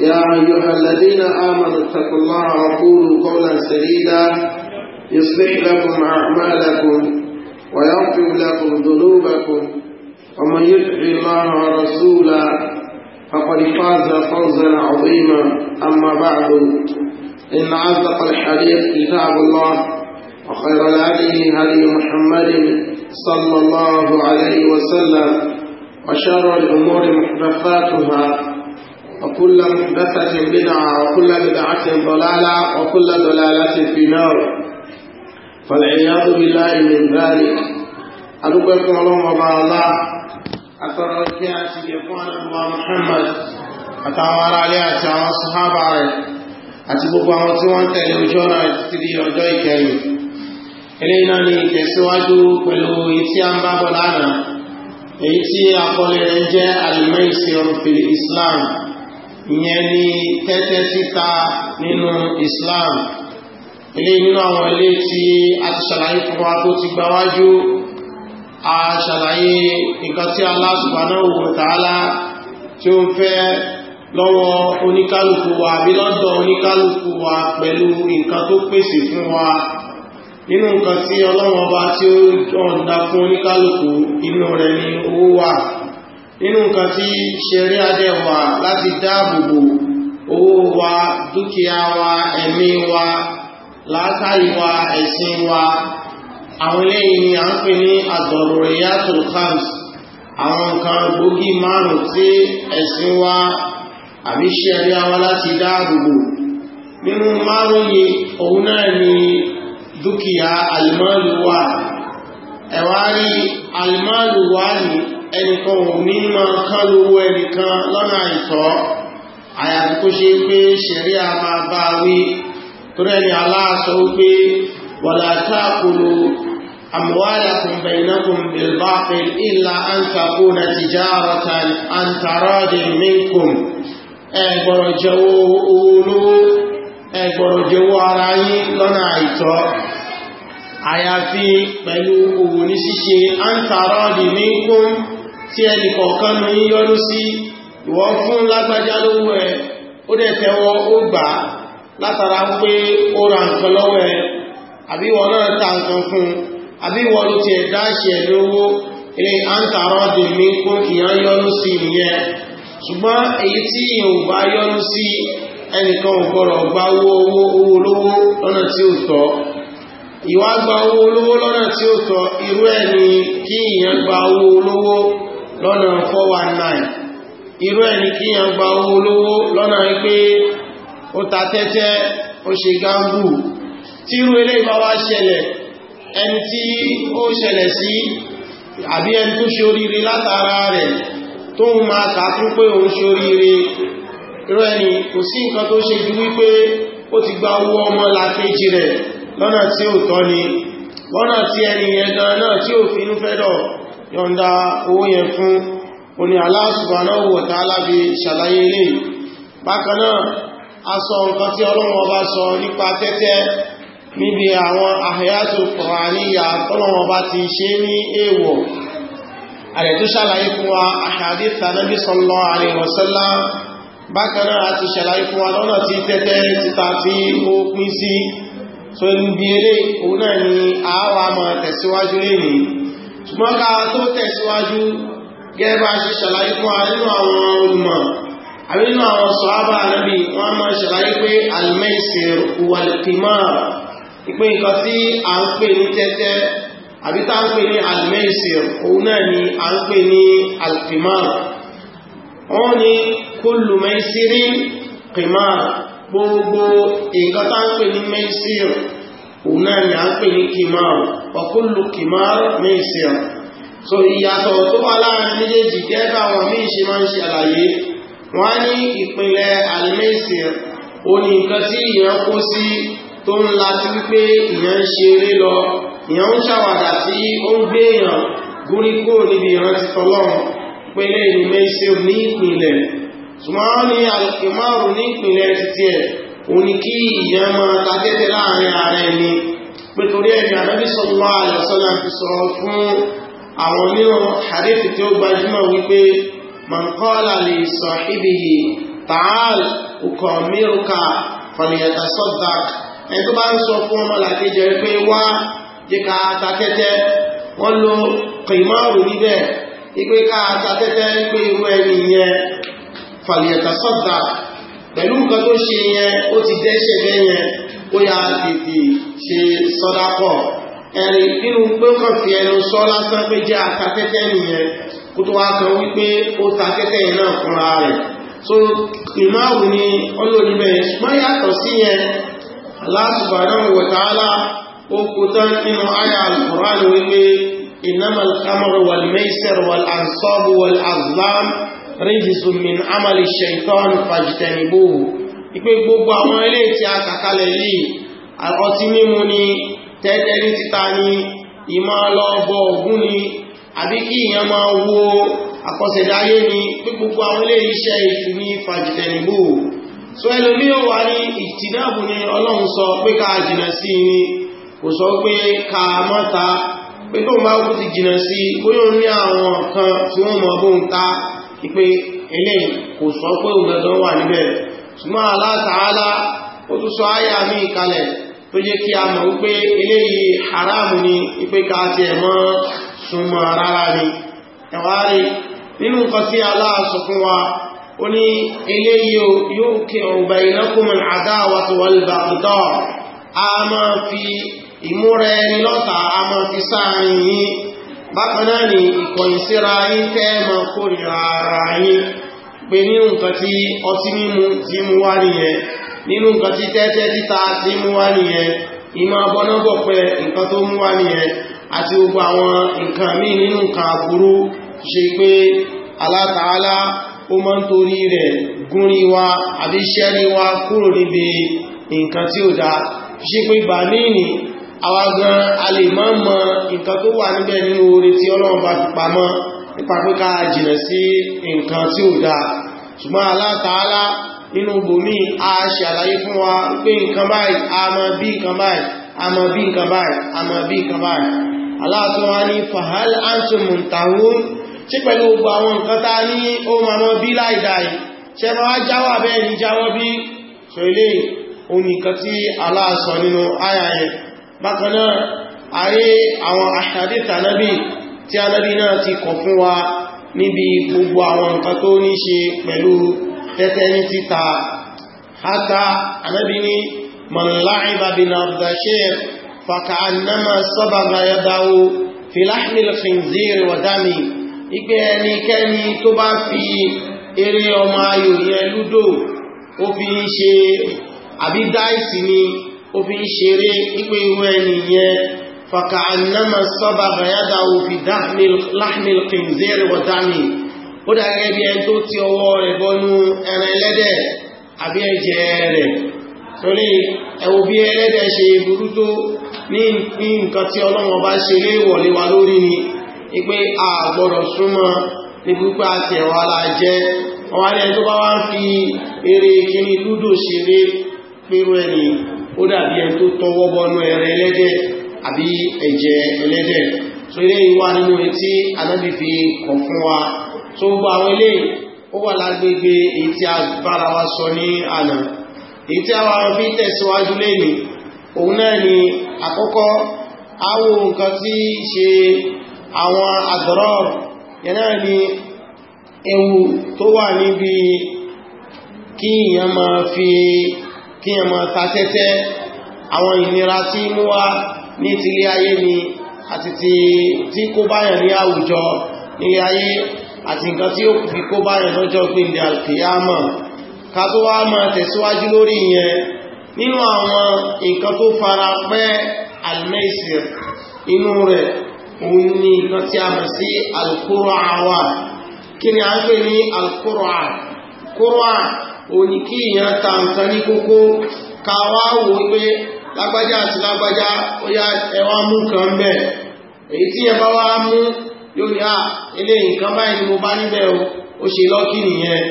يا أيها الذين آمنوا اتقوا الله وقولوا قولا سديدا يصلح لكم أعمالكم ويغفر لكم ذنوبكم ومن يطع الله ورسوله فقد فاز فوزا عظيما أما بعد إن أصدق الحديث كتاب الله وخير الهدي هدي محمد صلى الله عليه وسلم وشر الأمور محدثاتها وكل محدثة بدعة وكل بدعة ضلالة وكل ضلالة في نار فالعياذ بالله من ذلك أدوكم الله وبع الله أترى الكياتي يكون الله محمد أتعوار عليه أتعوى الصحابة عليه أتبقى وتوان تلي وجونا تتدي وجوي كريم إلينا نيكسواجو كلو يتيان بابلانا يتي أقول رجاء الميسر في الإسلام ìyẹn ni tẹ́tẹ́ títa nínú Islam ilé nínú àwọn ilé tí a ti ṣàlàyé fún wa tó ti gbáwájú a ṣàlàyé nǹkan tí Allah subhanahu wa ta'ala tí ó ń fẹ́ lọ́wọ́ oníkálùkù wa bí lọ́dọ̀ oníkálùkù wa pẹ̀lú nǹkan tó pèsè fún wa nínú nǹkan tí Ọlọ́run Ọba tí ó ọ̀nà fún oníkálùkù inú rẹ̀ ni owó wà nínú nǹkan tí ṣeré adẹ́ wà láti dáàbòbò owó wa dúkìá wa ẹ̀mí wa látàrí wa ẹ̀sìn wa àwọn eléyìí ni a ń pè ní ad-daruriyatul khams àwọn nǹkan gbógi márùn tí ẹ̀sìn wa àbí ṣeré wa láti dáàbòbò nínú márùn yìí òun náà ni dúkìá alìmọ́lù wa ẹ̀wà alìmọ́lù wa ni ẹnìkan ò ní máa kán lówó ẹnìkan lọ́nà àìtọ́ àyàfi kó ṣe pé ṣẹ̀rí a máa bá wí torí ẹni aláàsọ wípé wala ta'kulu amwalakum bainakum bil batil illa an takuna ara yín lọ́nà àìtọ́ àyàfi pẹ̀lú òwò ní ṣíṣe an taradin tí ẹnì kọ̀ọ̀kan ní yọ́nú sí ìwọ́n fún lágbájá lówó ẹ ó dẹ̀ tẹ́wọ́ ó gbà látara pé ó ra nǹkan lọ́wọ́ ẹ àbí wọn náà ta nǹkan fún àbí wọn ló ti ẹ̀dá ṣe lówó ilé àǹtàrọ̀ dèmí kún ìyàn sí ìyẹn ṣùgbọ́n èyí tí ò bá sí ẹnìkan ò gba owó owó owó lówó lọ́nà tí ó tọ́ gba owó olówó lọ́nà tí ó tọ́ irú ẹ̀ gba owó olówó lọ́nà 419 irú ẹni kí yàn gba owó olówó lọ́nà wípé ó ta tẹ́tẹ́ ó ṣe gángù tí irú ilé ìbá wá ṣẹlẹ̀ ẹni tí ó ṣẹlẹ̀ sí àbí ẹni tó ṣoríire látara rẹ̀ tó ń ma kàákún pé òun ṣoríire irú ẹni kò sí nǹkan tó ṣe ju wípé ó ti gba owó ọmọ làkejì rẹ̀ lọ́nà tí ó tọ́ ni lọ́nà tí ẹni yẹn gan náà tí ò finú fẹ́dọ̀ yọ̀nda owó yẹn fún oní Allah subhanahu wa ta'ala bí ṣàlàyé ilé bákanáà a sọ nǹkan tí ọlọ́wọ́ bá sọ nípa tẹ́tẹ́ níbi àwọn àhẹ́yàtò Qur'aniyya tọ́lọ́wọ́ bá ti ṣe ní èèwọ̀ àrẹ̀ fún wa ahadith Nabi sallallahu alaihi wasallam bákanáà a ti ṣàlàyé fún wa lọ́nà tí tẹ́tẹ́ títa tí ó pín sí tó ń bí eré òun náà ni àáwà máa tẹ̀síwájú lénìí ṣùgbọ́n ká tó tẹ̀síwájú gẹ́gẹ́ bá ṣe ṣàlàyé fún wa nínú àwọn olùmọ̀ àbí nínú àwọn sọ̀hábà ànábì wọ́n máa ṣàlàyé pé al-maisir wal-qimar ìpé nǹkan tí a ń pè ní tẹ́tẹ́ àbí tá ń pè ní al òun náà ni a ń pè ní al wọ́n ní kullu maisirin qimar gbogbo nǹkan tá ń pè ní maisir òun náà ni a ń pè ní kìmáàrù ọkùnlù kìmáàrù ní ìsìnà so ìyàtọ̀ tó wà láàrin méjèèjì gẹ́gẹ́ àwọn míì ṣe máa ń ṣe àlàyé wọ́n ní ìpínlẹ̀ alìmẹ́sìn ó ní nǹkan tí ìyàn kó sí tó ń láti wípé ìyàn ń ṣeré lọ ìyàn ń ṣàwàdà tí ó ń gbé èèyàn gúrí kó níbi ìrántí tọlọ́run pẹ̀lẹ́ ìmẹ́sìn ní ìpínlẹ̀ ṣùgbọ́n ní alìkìmáàrù ní ìpínlẹ̀ títí ẹ̀ òun ni kí ìyẹn máa tagẹ́tẹ̀ láàrin ara ẹni pẹ̀tọ́rí ẹni àdábí sọ́lá àlẹ́sọ́lá ti sọ fún àwọn onírun hadithi tí ó gbajúmọ̀ wípé man qala li sahibihi ta'al uqamiruka falyatasaddaq ẹni tó bá ń sọ fún ọmọ làkejì rẹ̀ pé wá jíka tagẹ́tẹ̀ pẹ̀lú nǹkan tó ṣe yẹn ó ti dẹ́ṣẹ̀ yẹn ó yá tètè ṣe sọ́dá pọ̀ ẹ̀rì nínú pé kàn fi ẹnu sọ lásán pé jẹ́ atatẹ́tẹ́ nìyẹn kó tó wá kan wípé ó ta tẹ́tẹ́ yẹn náà fúnra rẹ̀ so ìmáàwù ni ọlọ́ọ̀ni bẹ́ẹ̀ ṣùgbọ́n yàtọ̀ sí yẹn Allah subhanahu wa ó kú tán nínú àyà al wípé innamal khamru wal maisir ríjìsù min amali shaitan fajtanibuhu ipé gbogbo àwọn ilé tí a kàkalẹ̀ yìí ọtí mímu ni tẹ́tẹ́rí títa ni ìmá lọ bọ ògún ni àbí kí ìyàn máa wo àkọsẹ̀dáyé ni pé gbogbo àwọn ilé iṣẹ́ ìfì ní fajtanibuhu so ẹlòmí ò wà ní ìtìdáàbù ni ọlọ́run sọ pé ká jìnà sí ni kò sọ pé ká mọ́ta pé tó ń bá ó ti jìnà sí bóyá ó ní àwọn kan tí wọ́n mọ̀ bóun ìpé eléyìn kò sọ pé òmìnà wà níbẹ̀ ṣùgbọ́n Allah Ta'ala ó tún sọ ayà mí ìkalẹ̀ tó jẹ́ kí a mọ̀ wípé eléyìí haram ni ìpé ká ti ẹ̀mọ́ súnmọ́ rárá ni ẹ̀wárí nínú nǹkan tí Allah sọ fún wa ó ní eléyìí yóò kí ọ̀gbà fi ìmúra ẹni lọ́ta a bákan ni ìkọ̀yìn síra yín tẹ́ ma kórìíra ara yín pé nínú nǹkan tí ọtí mímu ti mú wá nìyẹn nínú nǹkan tí tẹ́tẹ́ títa ti mú wá nìyẹn ìmọ̀ abọ́nàbọ̀ pẹ nǹkan tó mú wá nìyẹn àti gbogbo àwọn nǹkan míì nínú nǹkan aburú ṣe pé alátàálá ó mọ́ ń torí rẹ̀ gúnrí wa àbí ṣẹ́rí wa kúrò níbi nǹkan tí ó dá ṣe pé bàmíì nìí àwàgbọ́n a lè máa mọ nǹkan tó wà níbẹ̀ nínú orí tí ọlọ́run bá fi pamọ́ nípa pé ká jìnà sí nǹkan tí ò dáa ṣùgbọ́n Allah Ta'ala nínú bòmí a ṣe àlàyé fún wa pé nǹkan báyìí a mọ bí nǹkan báyìí a mọ bí nǹkan báyìí a mọ bí nǹkan báyìí Allah wá ní fahal antum muntahun ṣé pẹ̀lú gbogbo àwọn nǹkan tá ní ó ma mọ́ bí láìdáì ṣe máa jáwà bẹ́ẹ̀ bákanáà ayé àwọn àṣàdétà náàbì tí anábì náà ti kọ̀ fún wa níbi gbogbo àwọn nǹkan tó ní ṣe pẹ̀lú tẹ́tẹ́ ní títa hátà anábì ní mọ̀láìbà bin abdashir fàkàánàmà sọ́bàbà yadawo filahmil khinzir ó fi ń ṣeré ipé irú ẹni yẹn fàkà annama sọ́bà rẹ̀yádà òfin láhmìl kìnzẹ́rì wọ̀dámì ó dàgẹ́ bí ẹni tó ti ọwọ́ rẹ̀ bọ́nú ẹran ẹlẹ́dẹ̀ àbí ẹ̀jẹ̀ rẹ̀ torí ẹwọ bí ẹlẹ́dẹ̀ ṣe burú tó ní nǹkan tí ọlọ́wọ́n bá ṣe léwọ̀léwà lórí ni ipé àgbọ̀rọ̀ súnmọ́ ní púpá àti ẹ̀wà alájẹ́ ọwọ́ ẹni tó bá wá ń fi eré kíní lúdò ṣeré pérú ẹni ó dàbí ẹni tó tọwọ́ bọ́nú ẹran ẹlẹ́dẹ̀ àbí ẹ̀jẹ̀ ẹlẹ́dẹ̀ so ilé ìwà nínú etí anábì fi kọ̀ fún wa tó gbọ́ àwọn ilé ó wà lágbègbè èyí tí a bára wa sọ ní àná èyí tí a wà fi tẹ̀síwájú lẹ́yìn òun náà ni àkọ́kọ́ awo nǹkan tí ṣe àwọn àgbọ̀rọ̀ yẹn náà ni ewu tó wà níbi kí èèyàn máa fi kí ẹ máa ta tẹ́tẹ́ àwọn ìnira tí mú wá ní ti ilé ayé ni àti tí kó báyàn ní àwùjọ nílé ayé àti nǹkan tí ó fi kó báyàn lọ́jọ́ gbìndẹ̀ alkiyama ká tó wá máa tẹ̀síwájú lórí ìyẹn nínú àwọn nǹkan tó fara pẹ́ almesir inú rẹ̀ òun ni nǹkan tí a ò kí èèyàn ta nǹkan ní kókó ká wá wò pé lágbájá àti lágbájá ó yá ẹ wá mú kan bẹ́ẹ̀ èyí tí ẹ bá wá mú yóò ní à ilé nǹkan báyìí ni mo bá níbẹ̀ o ó ṣe lọ́kì nìyẹn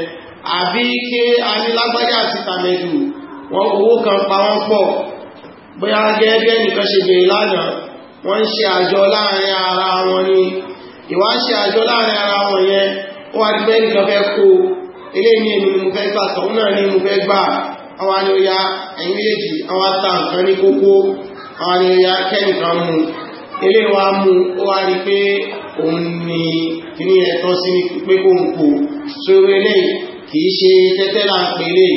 àbí kí a ní lágbájá àti tàmẹ̀dù wọn owó kan pa wọ́n pọ̀ bóyá gẹ́gẹ́ nìkan ṣe bèèrè lánàá wọ́n ń ṣe àjọ láàrin ara wọn ni ìwà ń ṣe àjọ láàrin ara wọn yẹn ó wà ní pé nìkan fẹ́ kó o ilé ni mo fẹ́ gbà tọ̀hún náà ni mo fẹ́ gbà àwọn anìyà ẹ̀yìn méjèèjì àwọn ta nǹkan ní kókó àwọn anìyà kẹ́nìkan mú ilé wa mú ó wá rí pé òun ni kíní ẹ̀tọ́ sí ní pé kó ń kò sórí ilé kìí ṣe tẹ́tẹ́ là ń pèlè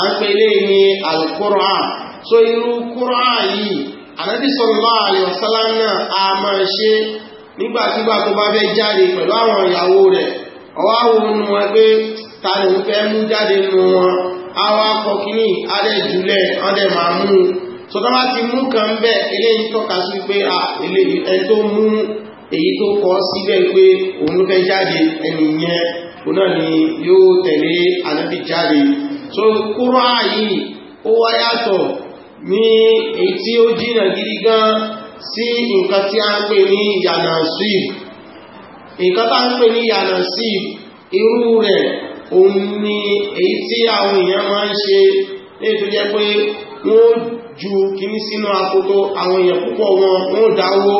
à ń pèlè ní alukóra so irú kóra yìí ànábì sallallahu alaihi wasallam náà a máa ṣe nígbàkígbà tó bá fẹ́ jáde pẹ̀lú àwọn ìyàwó rẹ̀ ọwọ́ àwọn ohun wọn ta ni ń fẹ́ mú jáde nù wọn àwọn akọkíní adẹ́jùlẹ̀ ọdẹ máa mú so tó bá ti mú kan bẹ́ eléyìí tọ́ka sí pé ẹni tó mú èyí tó kọ síbẹ̀ pé òun fẹ́ jáde ẹni yẹn náà ni yóò tẹ̀lé ànábì jáde so kúrò ààyè ó wá yàtọ̀ ní èyí tí ó jìnà gidi gan sí nǹkan tí a ń pè ní ìyànà síf nǹkan tá ń pè ní ìyànà síf irú rẹ̀ òun ni èyí tí àwọn èèyàn máa ń ṣe ní ètò jẹ́ pé wọ́n ju kìíní sínú akoto àwọn èèyàn púpọ̀ wọn wọ́n dáwó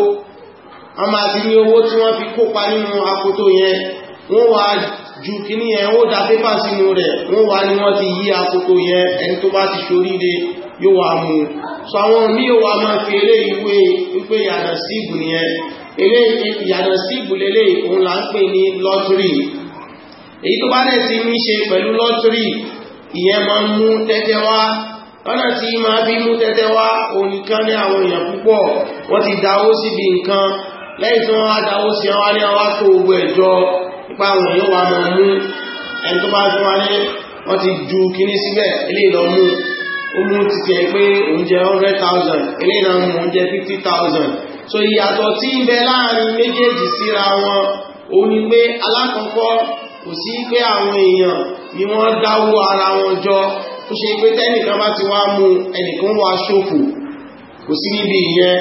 a máa ti ní owó tí wọ́n fi kópa nínú akoto yẹn wọ́n wá ju kìíní yẹn ó dá pépà sínú rẹ̀ wọ́n wá ní wọ́n ti yí akoto yẹn ẹni tó bá ti ṣoríire yóò wá mú èyí tó bá dẹ̀ ti ní ṣe pẹ̀lú lọ́tírì ìyẹn máa ń mú tẹ́tẹ́ wá lọ́nà tí máa bí mú tẹ́tẹ́ wá onìkan ní àwọn èèyàn púpọ̀ wọ́n ti dáwó síbi nǹkan lẹ́yìn tí wọ́n á dáwó sí wọ́n ní àwọn kó gbogbo ẹ̀jọ nípa àwọn èèyàn wà máa mú ẹni tó bá fún wa ní wọ́n ti ju kíní síbẹ̀ ilé ìlọ mú ó mú ti tẹ̀ pé oúnjẹ 100,000 ilé ìlọ mú oúnjẹ 50,000 so ìyàtọ̀ tí ń bẹ láàrin méjèèjì síra wọn òun ni pé alákọ̀ọ́kọ́ kò sí pé àwọn èèyàn ni wọ́n dáwó ara wọn jọ tó ṣe pé tẹ́nìkan bá ti wá mú ẹnìkan wá ṣòfò kò sí níbi ìyẹn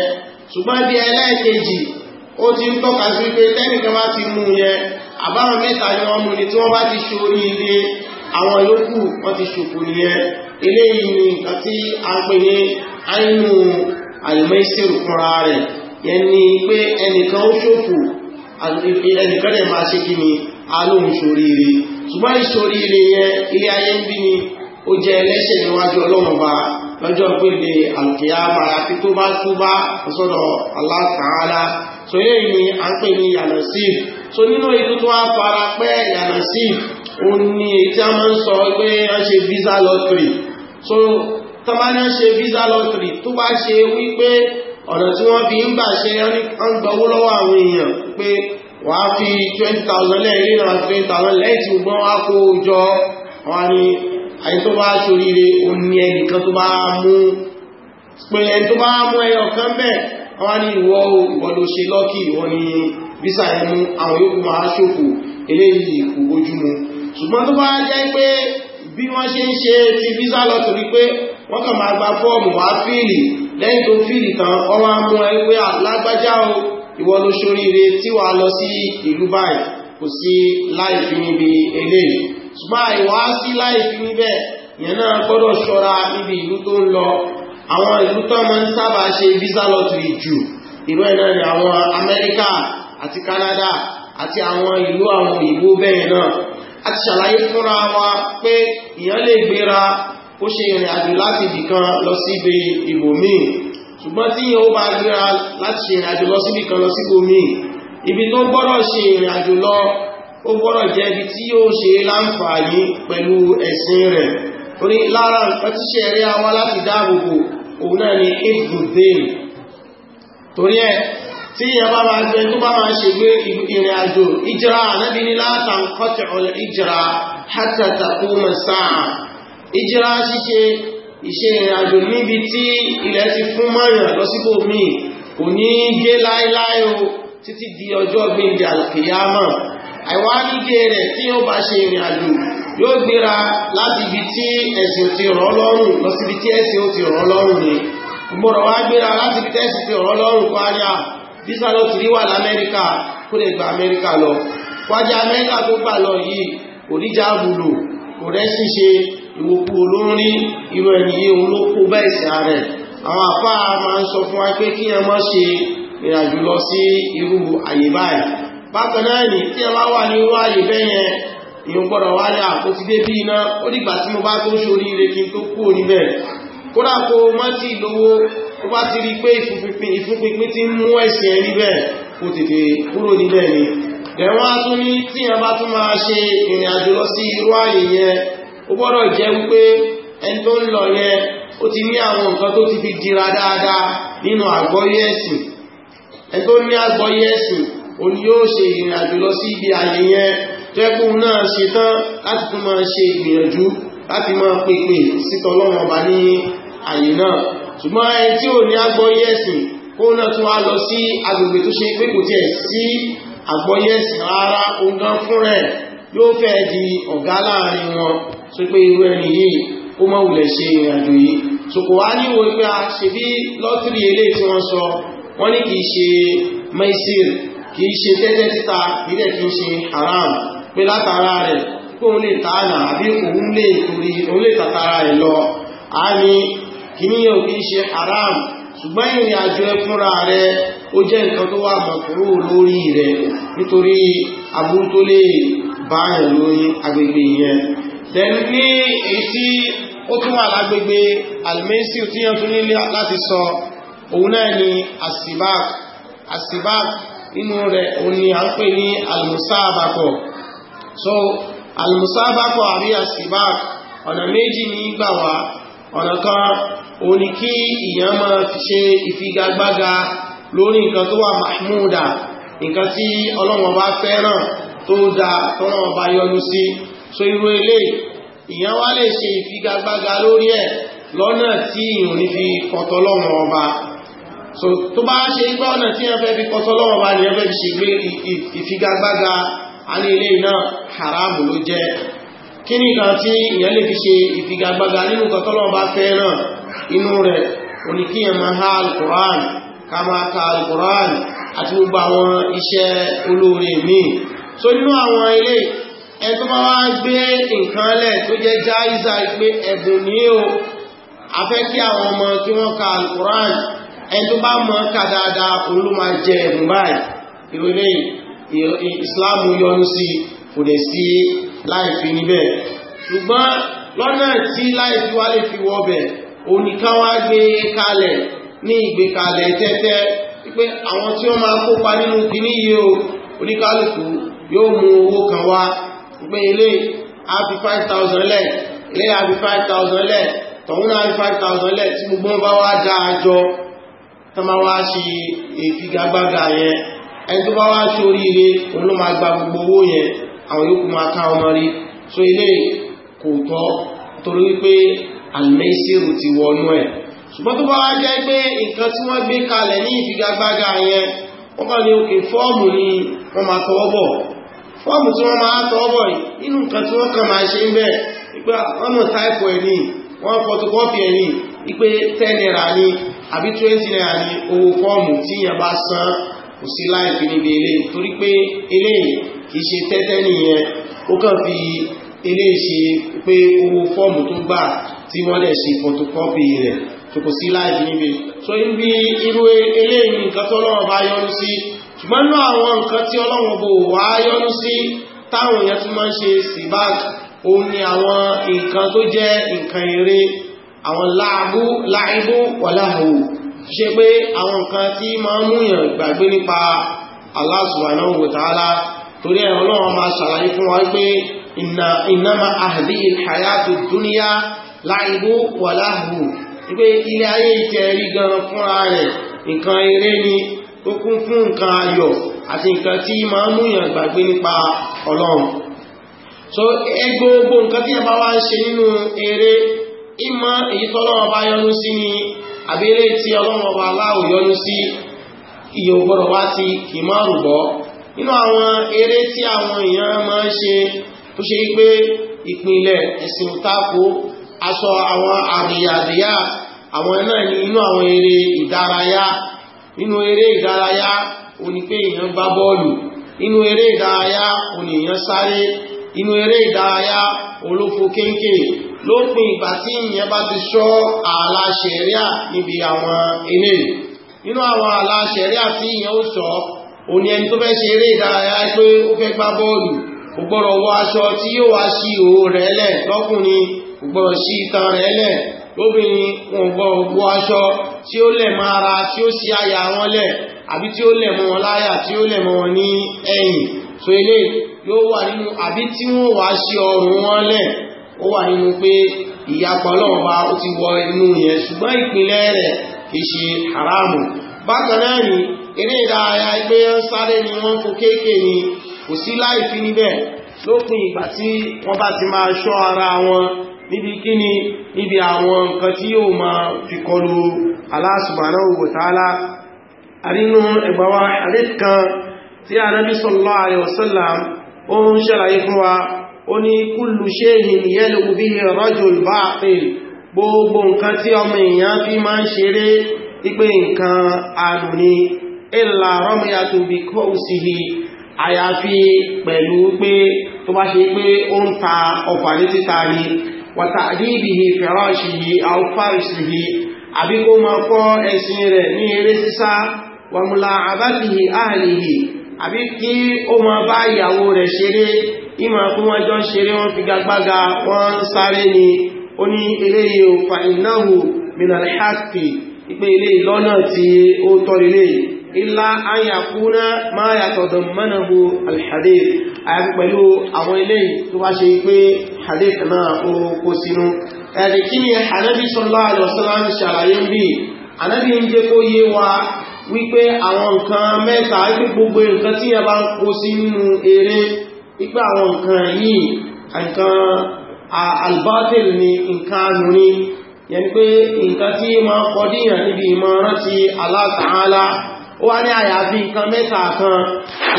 ṣùgbọ́n bí ẹlẹ́ẹ̀kejì ó ti ń tọ́ka sí pé tẹ́nìkan bá ti mú yẹn àbáwọn mẹ́ta ni wọ́n mú ni tí wọ́n bá ti ṣorí ilé àwọn yòókù wọ́n ti ṣòfò nìyẹn eléyìí ni nǹkan tí a ń pè ní àìnú àìmọ́ ìṣirò fúnra rẹ̀ yẹn ni pé ẹnìkan ó ṣòfò ẹnìkan dẹ̀ máa ṣe kí ni alóhun ṣoríire ṣùgbọ́n ìṣoríire yẹn ilé ayé ń bí ni ó jẹ ẹlẹ́ṣẹ̀ níwájú ọlọ́run bá lọ́jọ́ pélé àlùkìyàmà àti tó bá túbá sọ́dọ̀ Allah Ta'ala so yẹ́ ni a ń pè ní yànà sí so nínú ètò tó wá fara pẹ́ yànà sí o ní tí a máa ń sọ pé a ṣe visa lottery so tó bá a ṣe visa lottery tó bá ṣe wípé ọ̀nà tí wọ́n fi ń gbà ṣe ń gbọ́wó lọ́wọ́ àwọn èèyàn pé wà á fi 20,000 lẹ́yìn náà thousand. lẹ́yìn tí gbọ́n wá kó jọ wọ́n ni àyí tó bá ṣoríire o ní ẹnìkan tó bá mú pé ẹni tó bá mú ẹyọ kan bẹ́ẹ̀ wọ́n ni ìwọ ìwọ̀lò ṣe lọ́kì wọ́n ni visa ẹnu àwọn yóò máa ṣòfò eléyìí kò bójúmu ṣùgbọ́n tó bá jẹ́ pé bí wọ́n ṣe ń ṣe ti visa lọ torí pé wọ́n kàn máa gba fọ́ọ̀mù wá fíìlì lẹ́yìn tó fíìlì tán ọwọ́ á mú ẹ pé alágbájá o ìwọ ló ṣoríire tí wà lọ sí ìlú báyìí kò sí láìfi níbi eléyìí ṣùgbọ́n ìwà sí láìfi níbẹ̀ yẹn náà gbọ́dọ̀ ṣọ́ra níbi ìlú tó ń lọ àwọn ìlú tó máa ń sábà ṣe visa lottery jù ìlú ẹ̀ náà ni àwọn Amẹ́ríkà àti Canada àti àwọn ìlú àwọn òyìnbó bẹ́ẹ̀ náà a ti ṣàlàyé fúnra wa pé èèyàn lè gbéra ó ṣe ìrìn àjò láti ibìkan lọ síbi ìbòmíì ṣùgbọ́n tí ó bá gbéra láti ṣe ìrìnàjò lọ síbi kan lọ sí omi ibi tó gbọ́dọ̀ ṣe ìrìnàjò lọ ó gbọ́dọ̀ jẹ́ ibi tí yóò ṣe láǹfààní pẹ̀lú ẹ̀sìn rẹ̀ torí lára nǹkan tí ṣe rí àwọn láti dáàbòbò òun náà ni ibùdín torí ẹ tí ìyẹn bá máa gbẹ tó bá máa ṣe gbé ìrìn àjò ìjìra ànábi ní látàn kọ́tẹ̀ ọ̀lẹ̀ ìjìra hátàtàkùn mẹ́sàn-án ṣíṣe ìṣe àjò níbi tí ilẹ̀ ti fún mọ́rin lọ́síbò míì kò ní gé láíláí o títí di ọjọ́ gbíndì àkìyámọ̀ àìwá nígbé rẹ̀ tí ó bá ṣe ìrìn àjò yóò gbéra láti ibi tí ẹ̀sìn ti rọ̀ lọ́rùn lọ sí ibi tí ẹ̀sìn ti rọ̀ lọ́rùn ni gbọ́dọ̀ wá gbéra láti ibi tẹ́sìn ti rọ̀ lọ́rùn kwájá bísà ló ti rí wà lamẹ́ríkà kó lè gba amẹ́ríkà lọ kwájá amẹ́ríkà tó gbà lọ yìí kò níjà àbùlò kò rẹ́sìn ṣe ìwòkú olórí irú ẹni yìí òun ló kó bá ẹ̀sìn ààrẹ àwọn àpá máa ń sọ fún wa pé kí ẹ mọ́ ṣe ìrìnàjò lọ sí irú àyè báyìí bákan náà ni tí ẹ bá wà ní irú àyè bẹ́yẹn ìyẹn gbọ́dọ̀ wá ní àkótí débí iná ó dìgbà tí mo bá tó ṣoríire kí n tó kú níbẹ̀ kódà kó má tí lówó ó bá ti rí pé ìfúnpinpin ti ń mú ẹ̀sìn ẹ̀ níbẹ̀ kó tètè kúrò níbẹ̀ ni ẹ̀wọ́n á ní tí ẹ bá tún máa ṣe ìrìnàjò lọ sí irú àyè yẹn ó gbọ́dọ̀ jẹ́ wípé ẹni tó ń lọ yẹn ó ti ní àwọn nǹkan tó ti fi jìra dáadáa nínú àgbọ́yé ẹ̀sìn ẹni tó ní àgbọ́yé ẹ̀sìn ó ní yóò ṣe ìrìn àjò lọ sí ibi àyè yẹn tẹ́kùn náà ṣe tán láti tún máa ṣe ìgbìyànjú láti máa pèpè sítọ̀ ọlọ́run ọba ní àyè náà ṣùgbọ́n ẹni tí ò ní àgbọ́yé ẹ̀sìn kó náà tún wá lọ sí agbègbè tó ṣe pé kò tiẹ̀ sí àgbọ́yé ẹ̀sìn rárá ogan fún rẹ̀ yóò fẹ́ di ọ̀gá láàrin wọn so pé irú ẹni yìí ó mọ́ wùlẹ̀ ṣe ìrìn àjò yìí so kò wá níwò pé a ṣe bí lọ́tìrì eléyìí tí wọ́n sọ wọ́n ní kìí ṣe maisir kìí ṣe tẹ́tẹ́ títa ìdẹ̀ kìí ṣe haram pé látara rẹ̀ kó ń lè tààlà àbí òun lè torí òun lè tàtara rẹ̀ lọ a ní kìí yẹn ò kìí ṣe haram ṣùgbọ́n ìrìn àjò ẹ fúnra rẹ̀ ó jẹ́ nǹkan tó wà mọ̀kúrò lórí rẹ̀ nítorí aburú tó lè báyàn lórí agbègbè yẹn tẹ̀lú ní èyí tí ó tún wà lágbègbè almesi tí yẹn tún nílé láti sọ òun náà ni asibak asibak inú rẹ̀ òun ni a ń pè ní almusabakọ̀ so almusabakọ̀ àrí asibak ọ̀nà méjì ní gbà wá ọ̀nà kan òun ni kí ìyàn máa fi ṣe ìfigagbága lórí nǹkan tó wà mahmuda nǹkan tí ọlọ́wọ̀n bá fẹ́ràn tó dáa tọ́lọ́wọ̀n bá yọ́nú sí so irú eléyìí ìyẹn wá lè ṣe ìfigagbága lórí ẹ̀ lọ́nà tí ìyàn ní fi kọtọ lọ́wọ́ ọba so tó bá ṣe ipá ọ̀nà tí wọ́n fẹ́ fi kọtọ lọ́wọ́ ọba nìyẹn fẹ́ fi ṣe gbé ìfigagbága àní eléyìí náà haramu ló jẹ́ kí ni nǹkan tí ìyẹn lè fi ṣe ìfigagbága nínú kọtọ lọ́wọ́ ọba fẹ́ràn inú rẹ̀ oníkíyàn máa ha alukoran ká máa ka alukoran àti gbogbo àwọn iṣẹ́ olóore míì so nínú àwọn eléyìí ẹ̀tọ́ bá wá gbé nǹkan lẹ̀ tó jẹ́ jáìsà pé ẹ̀bùn ní o afẹ́ kí àwọn ọmọ kí wọ́n ka alukuran ẹ̀tọ́ bá mọ́ ká dáadáa olú máa jẹ ẹ̀bùn báyìí ìrọ̀lẹ́ ìsìláàmù yọnu sí kò dẹ̀ sí láìfi níbẹ̀ ṣùgbọ́n lọ́nà tí láìfi wá lè fi wọ́bẹ̀ oníkan wá gbé kalẹ̀ ní ìgbékalẹ̀ tẹ́tẹ́ pé àwọn tí wọ́n máa kópa nínú kìíní yìí o oníkálùkù yóò mú owó kan wá pé ilé àfi 5,000 lẹ̀ ilé àfi 5,000 lẹ̀ tọ̀hún náà àfi 5,000 lẹ̀ tí gbogbo bá wá dá àjọ tó máa wá ṣe ìfigagbága yẹn ẹni tó bá wá ṣe oríire òun ló máa gba gbogbo owó yẹn àwọn yòókù máa ká ọmọ rí so ilé kò tọ́ torí wípé àlùmẹ́sìrù ti wọnú ẹ̀ ṣùgbọ́n tó bá wá jẹ́ pé nǹkan tí wọ́n gbé kalẹ̀ ní ìfigagbága yẹn wọ́n kàn ní òkè fọ́ọ̀mù ni wọ́n máa tọwọ́ bọ̀ fọ́ọ̀mù tí wọ́n máa tọ́ọ̀bọ̀ inú nǹkan tí wọ́n kàn máa ṣe ń bẹ̀ ipé wọ́n mọ̀ táìpọ̀ ẹ̀ ní wọ́n fọ́tọ̀kọ́fì ẹ̀ ní ipé 10 naira ní àbí 20 naira ní owó fọ́ọ̀mù tí yẹn bá san kò sí láìfi níbi eléyìí torí pé eléyìí kìí ṣe tẹ́tẹ́ nìyẹn ó kàn fi eléyìí ṣe pé owó fọ́ọ̀mù tó gbà tí wọ́n dẹ̀ ṣe fọ́tọ̀kọ́fì rẹ̀ kò sí láìfi níbi so ibi irú eléyìí nǹkan tọ́lọ́wọ́ ṣùgbọ́n ní àwọn nǹkan tí ọlọ́run bò wá yọ́nú sí táwọn èèyàn tún máa ń ṣe sibak òun ni àwọn nǹkan tó jẹ́ nǹkan eré àwọn láàbú láìbú wàláhù ṣe pé àwọn nǹkan tí máa ń múyàn gbàgbé nípa Allah subhanahu wa ta'ala torí ẹ̀ ọlọ́run máa ṣàlàyé fún wa pé innama hadhihi tó kún fún nǹkan ayọ̀ àti nǹkan tí ma ń múyàn gbàgbé nípa ọlọ́run so gbogbo nǹkan tí ẹbá wá ń ṣe nínú eré ìmọ̀ èyí tọ́lọ́wọ́ bá yọnú sí ni àbílẹ̀ tí ọlọ́wọ́ bá láò yọnú sí iye ògbọ́dọ̀ wá ti kì máa rùgbọ́ nínú àwọn eré tí àwọn èèyàn máa ń ṣe inú àwọn eré ìdárayá nínú eré ìdárayá o ní pé èèyàn gbá bọ́ọ̀lù nínú eré ìdárayá o ní èèyàn sáré nínú eré ìdárayá olófo kéńkè lópin ìgbà tí ìyẹn bá ti ṣọ́ ààlà ṣẹ̀ríà níbi àwọn eré nínú àwọn ààlà ṣẹ̀ríà tí ìyẹn ó sọ o ní ẹni tó fẹ́ ṣe eré ìdárayá pé ó fẹ́ gbá bọ́ọ̀lù kò gbọ́dọ̀ wọ aṣọ tí yóò wá sí òwò rẹ̀ lẹ̀ lọ́kùnrin kò gbọ́dọ̀ sí itan rẹ̀ lẹ̀ obìnrin wọn gbọ́ ògbó aṣọ tí ó lẹ̀ máa ra tí ó sí àyà wọn lẹ̀ àbí tí ó lẹ̀ mọ́ wọn láyà tí ó lẹ̀ mọ́ wọn ní ẹ̀yìn so ilé yóò wà nínú àbí tí wọ́n wá sí ọrùn wọn lẹ̀ ó wà nínú pé ìyapa ọlọ́run bá ó ti wọ inú yẹn ṣùgbọ́n ìpínlẹ̀ rẹ̀ kì í ṣe haramu bákan náà ni eré ìdárayá ẹgbẹ́ sáré ni wọ́n fún kéèké ni kò sí láìfi níbẹ̀ lópin ìgbà tí wọ́n bá ti máa ṣọ́ ara wọn níbi kíni níbi àwọn nǹkan tí yóò ma fi kọlu Allah subhanahu wa ta'ala àrínú ẹgbàwà àríkan tí Ànábì sallallahu alaihi wasallam ó ń ṣàlàyé fún wa ó ní kullu shay'in yal'u bihi rajul ba'il gbogbo nǹkan tí ọmọ èèyàn fi máa ń ṣeré ipé nǹkan àrùn ni illa ramyatu bi àyàfi pẹ̀lú pé tó bá ṣe pé ó ń ta ọ̀fà ní títa ni وتعذيبه فراشه أو فرشه أبيكم أقوى أسير نيرسسا وملاعبته أهله أبيكي أما بايا ورشري إما كما جون شريون في قلبك وان ساريني أني إليه فإنه من الحق إبقى إليه لونتي أو طريليه ilá ayàkúnná máa yàtọ̀dọ̀ mẹ́nàbò alhadith àyàfi pẹ̀lú àwọn ilé tó bá ṣe pé hadith náà ó kó sínú ẹ̀rẹ̀ kí ni anábí sallallahu alaihi wasallam ṣàlàyé ń bí anábí ń jẹ́ kó yé wa wípé àwọn nǹkan mẹ́ta wípé gbogbo nǹkan tí ẹ bá ń kó sínú eré pé nǹkan tí ma kọdíyàn níbi ìmọ̀ rántí Allah ta'ala ó wá ní àyàfi nǹkan mẹ́ta kan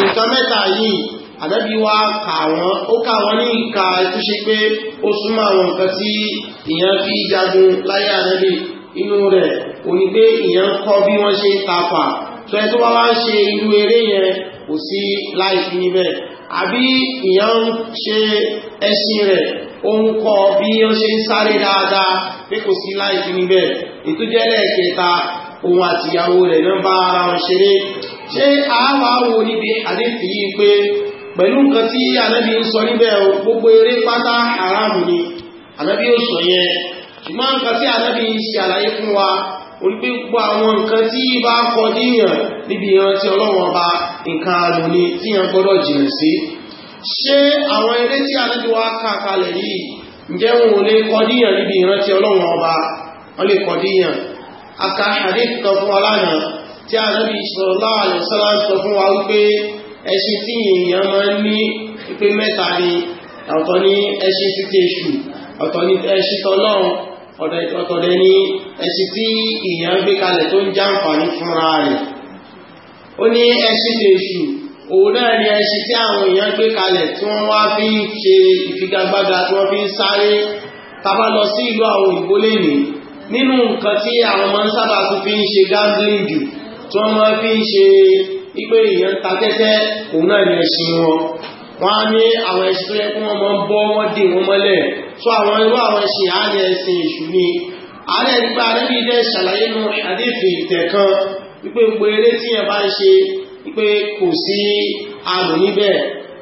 nǹkan mẹ́ta yìí ànábì wa kà wọ́n ó kà wọ́n ní ìka tó ṣe pé ó súnmọ́ àwọn nǹkan tí ìyẹn fi jagun láyé ànábì inú rẹ̀ ò ní pé ìyẹn kọ́ bí wọ́n ṣe ń tapà tó ẹ tó bá wá ń ṣe irú eré yẹn kò sí láìsí níbẹ̀ àbí ìyẹn ń ṣe ẹṣin rẹ̀ ó ń kọ́ bí wọ́n ṣe ń sáré dáadáa pé kò sí láìsí níbẹ̀ ètò kẹta òun àtìyàwó rẹ̀ náà bá ara wọn ṣeré ṣé àáwá wo níbi àdéhùn yìí pé pẹ̀lú nǹkan tí anábì ń sọ níbẹ̀ gbogbo eré pátá haramu ni anábì ó sọ yẹn ṣùgbọ́n nǹkan tí anábì ń ṣe àlàyé fún wa ó ní pé gbogbo àwọn nǹkan tí bá kọ níyàn níbi ìrántí ọlọ́wọ́n ọba nǹkan àlò ni tíyàn gbọ́dọ̀ jìnà sí ṣé àwọn eré tí anábì wa kà kalẹ̀ yìí ǹjẹ́ wọn ò lè kọ níyàn níbi ìrántí ọlọ́wọ́n ọba wọ́n lè kọ níyàn aka hadith kan fún wa lánàá tí a Nabi sallallahu alaihi wasallam sọ fún wa wípé ẹṣin tí èèyàn máa ń ní ìpín mẹ́ta ni ọ̀tọ̀ ní ẹṣin tí ti èṣù ọ̀tọ̀ ní ẹṣin tọ́lọ́run ọ̀tọ̀dẹ̀ ní ẹṣin tí èèyàn gbé kalẹ̀ tó ń jàǹfààní fúnra rẹ̀ ó ní ẹṣin ti èṣù òun náà ni ẹṣin tí àwọn èèyàn gbé kalẹ̀ tí wọ́n wá fi ṣe ìfigagbága tí wọ́n fi ń sáré tá lọ sí ìlú àwọn òyìnbó lénìí nínú nǹkan tí àwọn ọmọ sábà tó fi ń ṣe gambling jù tí wọ́n máa fi ń ṣe ipé èèyàn ta òun náà ni ẹṣin wọn wọ́n á ní àwọn ẹṣin tó yẹ kí wọ́n máa ń bọ́ wọ́n dè wọ́n mọ́lẹ̀ tó àwọn irú àwọn ẹṣin àárẹ̀ ẹṣin èṣù ni àárẹ̀ nípa arábí dẹ́ ṣàlàyé nu àdéfì ìtẹ̀kan wípé gbogbo eré tí yẹn bá ń ṣe wípé kò sí àrùn níbẹ̀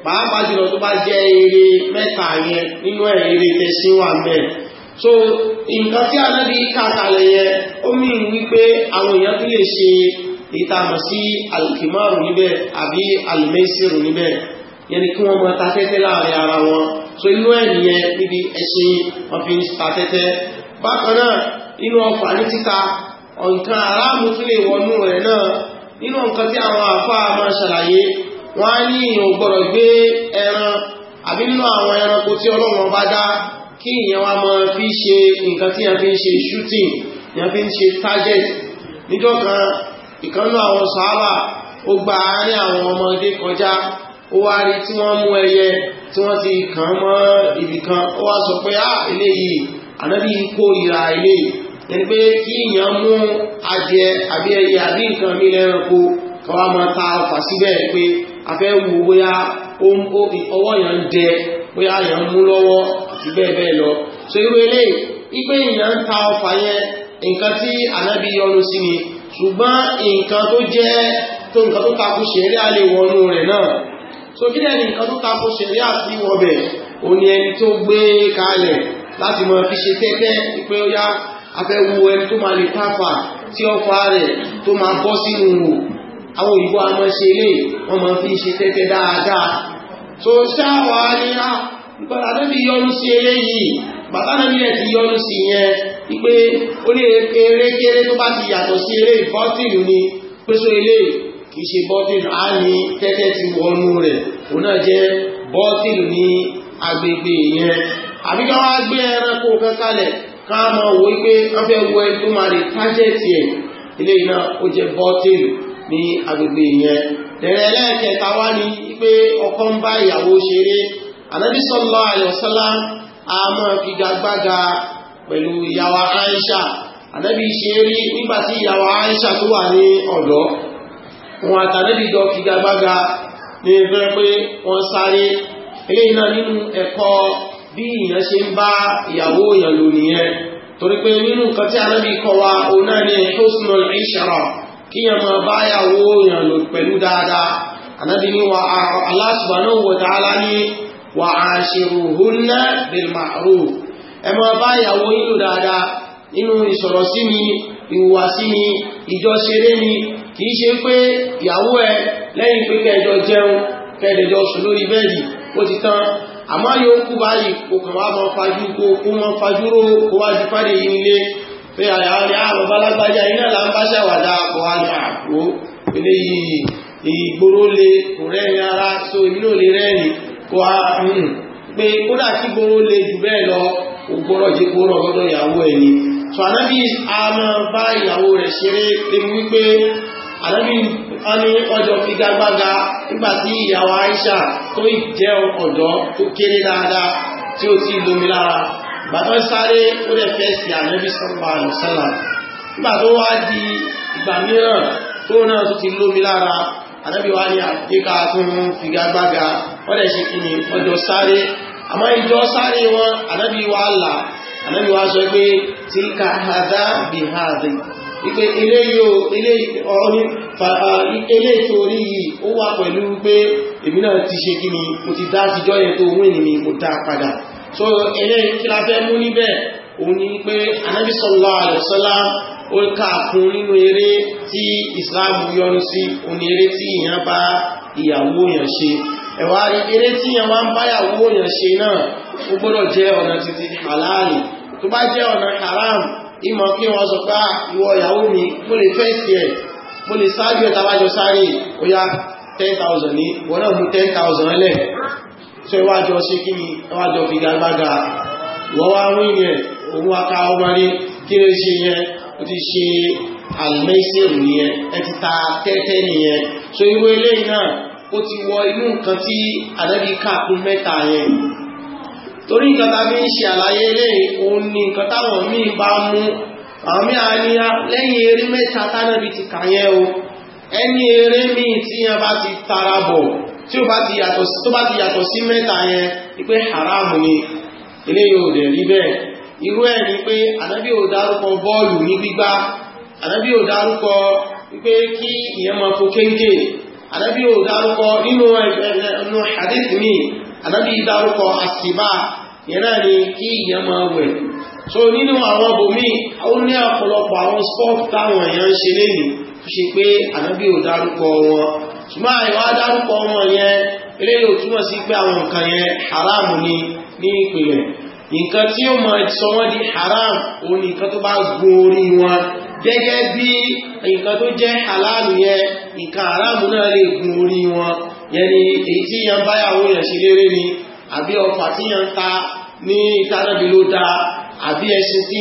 pàápàá jùlọ tó bá jẹ́ eré mẹ́ta yẹn nínú ẹ̀ eré tẹ̀síwà mẹ́rin so nǹkan tí anábì kàkàlẹ̀ yẹ ó mìíràn wípé àwọn èèyàn tó lè ṣe ìtàmọ̀ sí alkimaru níbẹ̀ àbí alimẹ́sìrù níbẹ̀ yẹni kí wọ́n mọ́ tafẹ́tẹ́ láàrin ara wọn so inú ẹ̀ nìyẹn níbi ẹṣin wọn fi ń tafẹ́tẹ́ bákan náà inú ọfà ní títa nǹkan aráàmù tó lè wọnú rẹ̀ náà nínú nǹkan tí àwọn àfá máa ṣàlàyé wọ́n á ní ìyàn gbọ́dọ̀ gbé ẹran àbí nínú àwọn ẹranko tí Ọlọ́run bá dá kí ìyẹn wa máa fi ṣe nǹkan tí a fi ṣe shooting ni fi ṣe target níjọ́ kan ìkanú àwọn sàábà ó gba àárín àwọn ọmọdé kọjá ó wá rí tí wọ́n mú ẹyẹ tí wọ́n ti kàn mọ́ ibì kan ó wá sọ pé á ah, ilé yìí ànábì ń kó ìra ilé ẹni pé kí ìyàn mú adìẹ àbí ẹyẹ àbí nǹkan mi lẹ́ranko kan wá máa ta ọfà síbẹ̀ pé a wo bóyá ọwọ́ yẹn jẹ bóyá yẹn mú lọ́wọ́ àti bẹ́ẹ̀ bẹ́ẹ̀ lọ so irú ilé ipé èèyàn ń ta ọfà yẹn nǹkan tí ànábì yọnu sí ni ṣùgbọ́n nǹkan tó jẹ́ tó nǹkan tó takú ṣẹ̀rí àlè wọnú rẹ̀ náà so kí lẹ́ni nǹkan tó takú ṣẹ̀rí àti wọbẹ̀ ò ní ẹni tó gbé kalẹ̀ láti mọ fi ṣe tẹ́tẹ́ pé ó yá afẹ́wu ẹni tó máa lè pàfà tí ọfà rẹ̀ tó máa bọ́ sínú wò àwọn òyìnbó a ṣe ilé wọ́n máa fi ṣe tẹ́tẹ́ dáadáa so ṣáà wà ní ìpàdà níbi yọnu sí eléyìí bàtà níbi ẹ̀ ti yọnu sí yẹn wípé ó lè kéré kéré tó bá ti yàtọ̀ sí eré bọ́tìlù ni pèsè ilé kì í ṣe bọ́tìlù á ní tẹ́tẹ́ ti wọnú rẹ̀ òun náà jẹ́ bọ́tìlù ní agbègbè yẹn àbí ká wá gbé ẹranko kankalẹ̀ ká máa wò wípé wọ́n fẹ́ wọ ẹni tó máa lè tájẹ́tì ẹ̀ ilé iná ó jẹ́ bọ́tìlù ní agbègbè yẹn tẹ̀rẹ̀ wá ní pé ọkọ ń bá ìyàwó ṣeré Ànábì sallallahu alaihi wasallam a máa fi gagbága pẹ̀lú ìyàwó Aisha Ànábì ṣe rí nígbàtí ìyàwó Aisha tó wà ní ọ̀dọ́ wọn àtànábì jọ fi gagbága ní ẹgbẹ́ pé wọ́n sáré eléyìí náà nínú ẹ̀kọ́ bí ìyàn ṣe ń bá ìyàwó èèyàn lò nìyẹn torí pé nínú nǹkan tí Ànábì kọ́ wa òun náà ní husnul ishara kíyàn máa bá ìyàwó èèyàn lò pẹ̀lú dáadáa Ànábì ní wa Allah subhanahu wa ta'ala ní wà àṣìrùhúnná bìlmàrú ẹ máa bá ìyàwó yín lò dáadáa nínú ìsọ̀rọ̀ sí mi ìwà sí mi ìjọṣeré mi kìí ṣe pé ìyàwó ẹ lẹ́yìn pé kẹjọ jẹun kẹjọ sùn lórí bẹ́ẹ̀dì ó ti tán àmọ́ yóò kú báyìí kò kàn wá máa fajú kó kó máa fajúró kó wá ju fáde yìí nílé pé àyàwó ni àrùn bálágbájá iná là ń bá ṣàwàdà kò wá ní àpò eléyìí ìgboro le kò rẹ́rìn ara so èmi náà lè rẹ́rìn wà hmm, pé kódà kí gbóró lè jù bẹ́ẹ̀ lọ ògbóró jẹ́ gbóró ọ̀dọ́ ìyàwó ẹ̀ ni so anábì a máa bá ìyàwó rẹ̀ ṣeré ewu wípé anábì a ní ọjọ́ figagbága nígbà tí ìyàwó Aisha tó jẹ́ ọ̀dọ́ tó kéré dáadáa tí ó ti lómi lára bàtọ́ sáré ó lè fẹ́ sí ànábì sọ́pàá àlùsálà nígbà tó wá di ìgbà mìíràn tó náà tó ti lómi lára ànábì wa ní àdíkà fún figagbága wọ́n dẹ̀ ṣe kí ni ọjọ́ sáré àmọ́ ìjọ sáré wọn ànábì wa là ànábì wa sọ pé tí ká hàdá bí hàdí wípé ilé yóò ilé ọ̀rin ilé yìí ó wà pẹ̀lú pé èmi náà ti ṣe kí ni mo ti dá àtijọ́ yẹn tó wí mo dá padà so ilé kí la fẹ́ òun ni pé anábì sallallahu alaihi wasallam ó káàkún nínú eré tí islam yọnu sí òun ni eré tí ìyàn bá ìyàwó yàn ṣe ẹ̀wà rí eré tí ìyàn bá ń bá ìyàwó yàn ṣe náà ó gbọ́dọ̀ jẹ́ ọ̀nà títí halali tó bá jẹ́ ọ̀nà haram ìmọ̀ kí wọ́n sọ pé ah, ìwọ ìyàwó mi mo lè fẹ́ sí ẹ̀ mo lè sáájú ẹ̀ tàbájọ sáré ó yá 10,000 ní wọ́n náà mú 10,000 lẹ̀ tó ìwájọ́ sí kí ni ìwájọ́ fi gbàgbága wọ́n wá wí yẹn òun wá ká ọmọ rí kí ló ṣe yẹn ó ti ṣe àlùmẹ́sẹ̀rù nìyẹn ẹ ti ta tẹ́tẹ́ nìyẹn so irú eléyìí náà ó ti wọ inú nǹkan tí ànábì káàkùn mẹ́ta yẹn torí nǹkan tá a fi ń ṣe àlàyé eléyìí òun ni nǹkan táwọn míì bá mú àwọn míì àníyá ah, lẹ́yìn eré mẹ́ta tánàbì ti kà yẹn o ẹni eré míì tí yẹn bá ti tara bọ̀ tí ó bá ti yàtọ̀ sí mẹ́ta yẹn ni pé haramu ni ilé yóò dẹ̀ rí bẹ́ẹ̀ irú ẹ̀ ni pé anabi ò dárúkọ bọ́ọ̀lù ní gbígbá anabi ò dárúkọ wípé kí ìyẹn máa fò kéńké ànábì ò dárúkọ nínú ẹnu hadith mi ànábì dárúkọ àsìbá ìyẹn náà ni kí ìyẹn máa wẹ̀ so nínú àwọn bòmí ó ní ọ̀pọ̀lọpọ̀ àwọn sport táwọn èèyàn ń ṣe lénìí tó ṣe pé ànábì ò dárúkọ wọn ṣùgbọ́n àìwá dárúkọ wọn yẹn eléyìí ò túmọ̀ sí pé àwọn nǹkan yẹn haramu ni ní ìpìlẹ̀ nǹkan tí ó ma sọ di haram ó ní nǹkan tó bá gun orí wọn gẹ́gẹ́ bí nǹkan tó jẹ́ halal yẹ nǹkan haram náà lè gun orí wọn yẹni ni èyí tí yan báyàwó yẹn ṣe léré ni àbí ọfà tí yan ta ní ìtànàbí ló àbí ẹṣin tí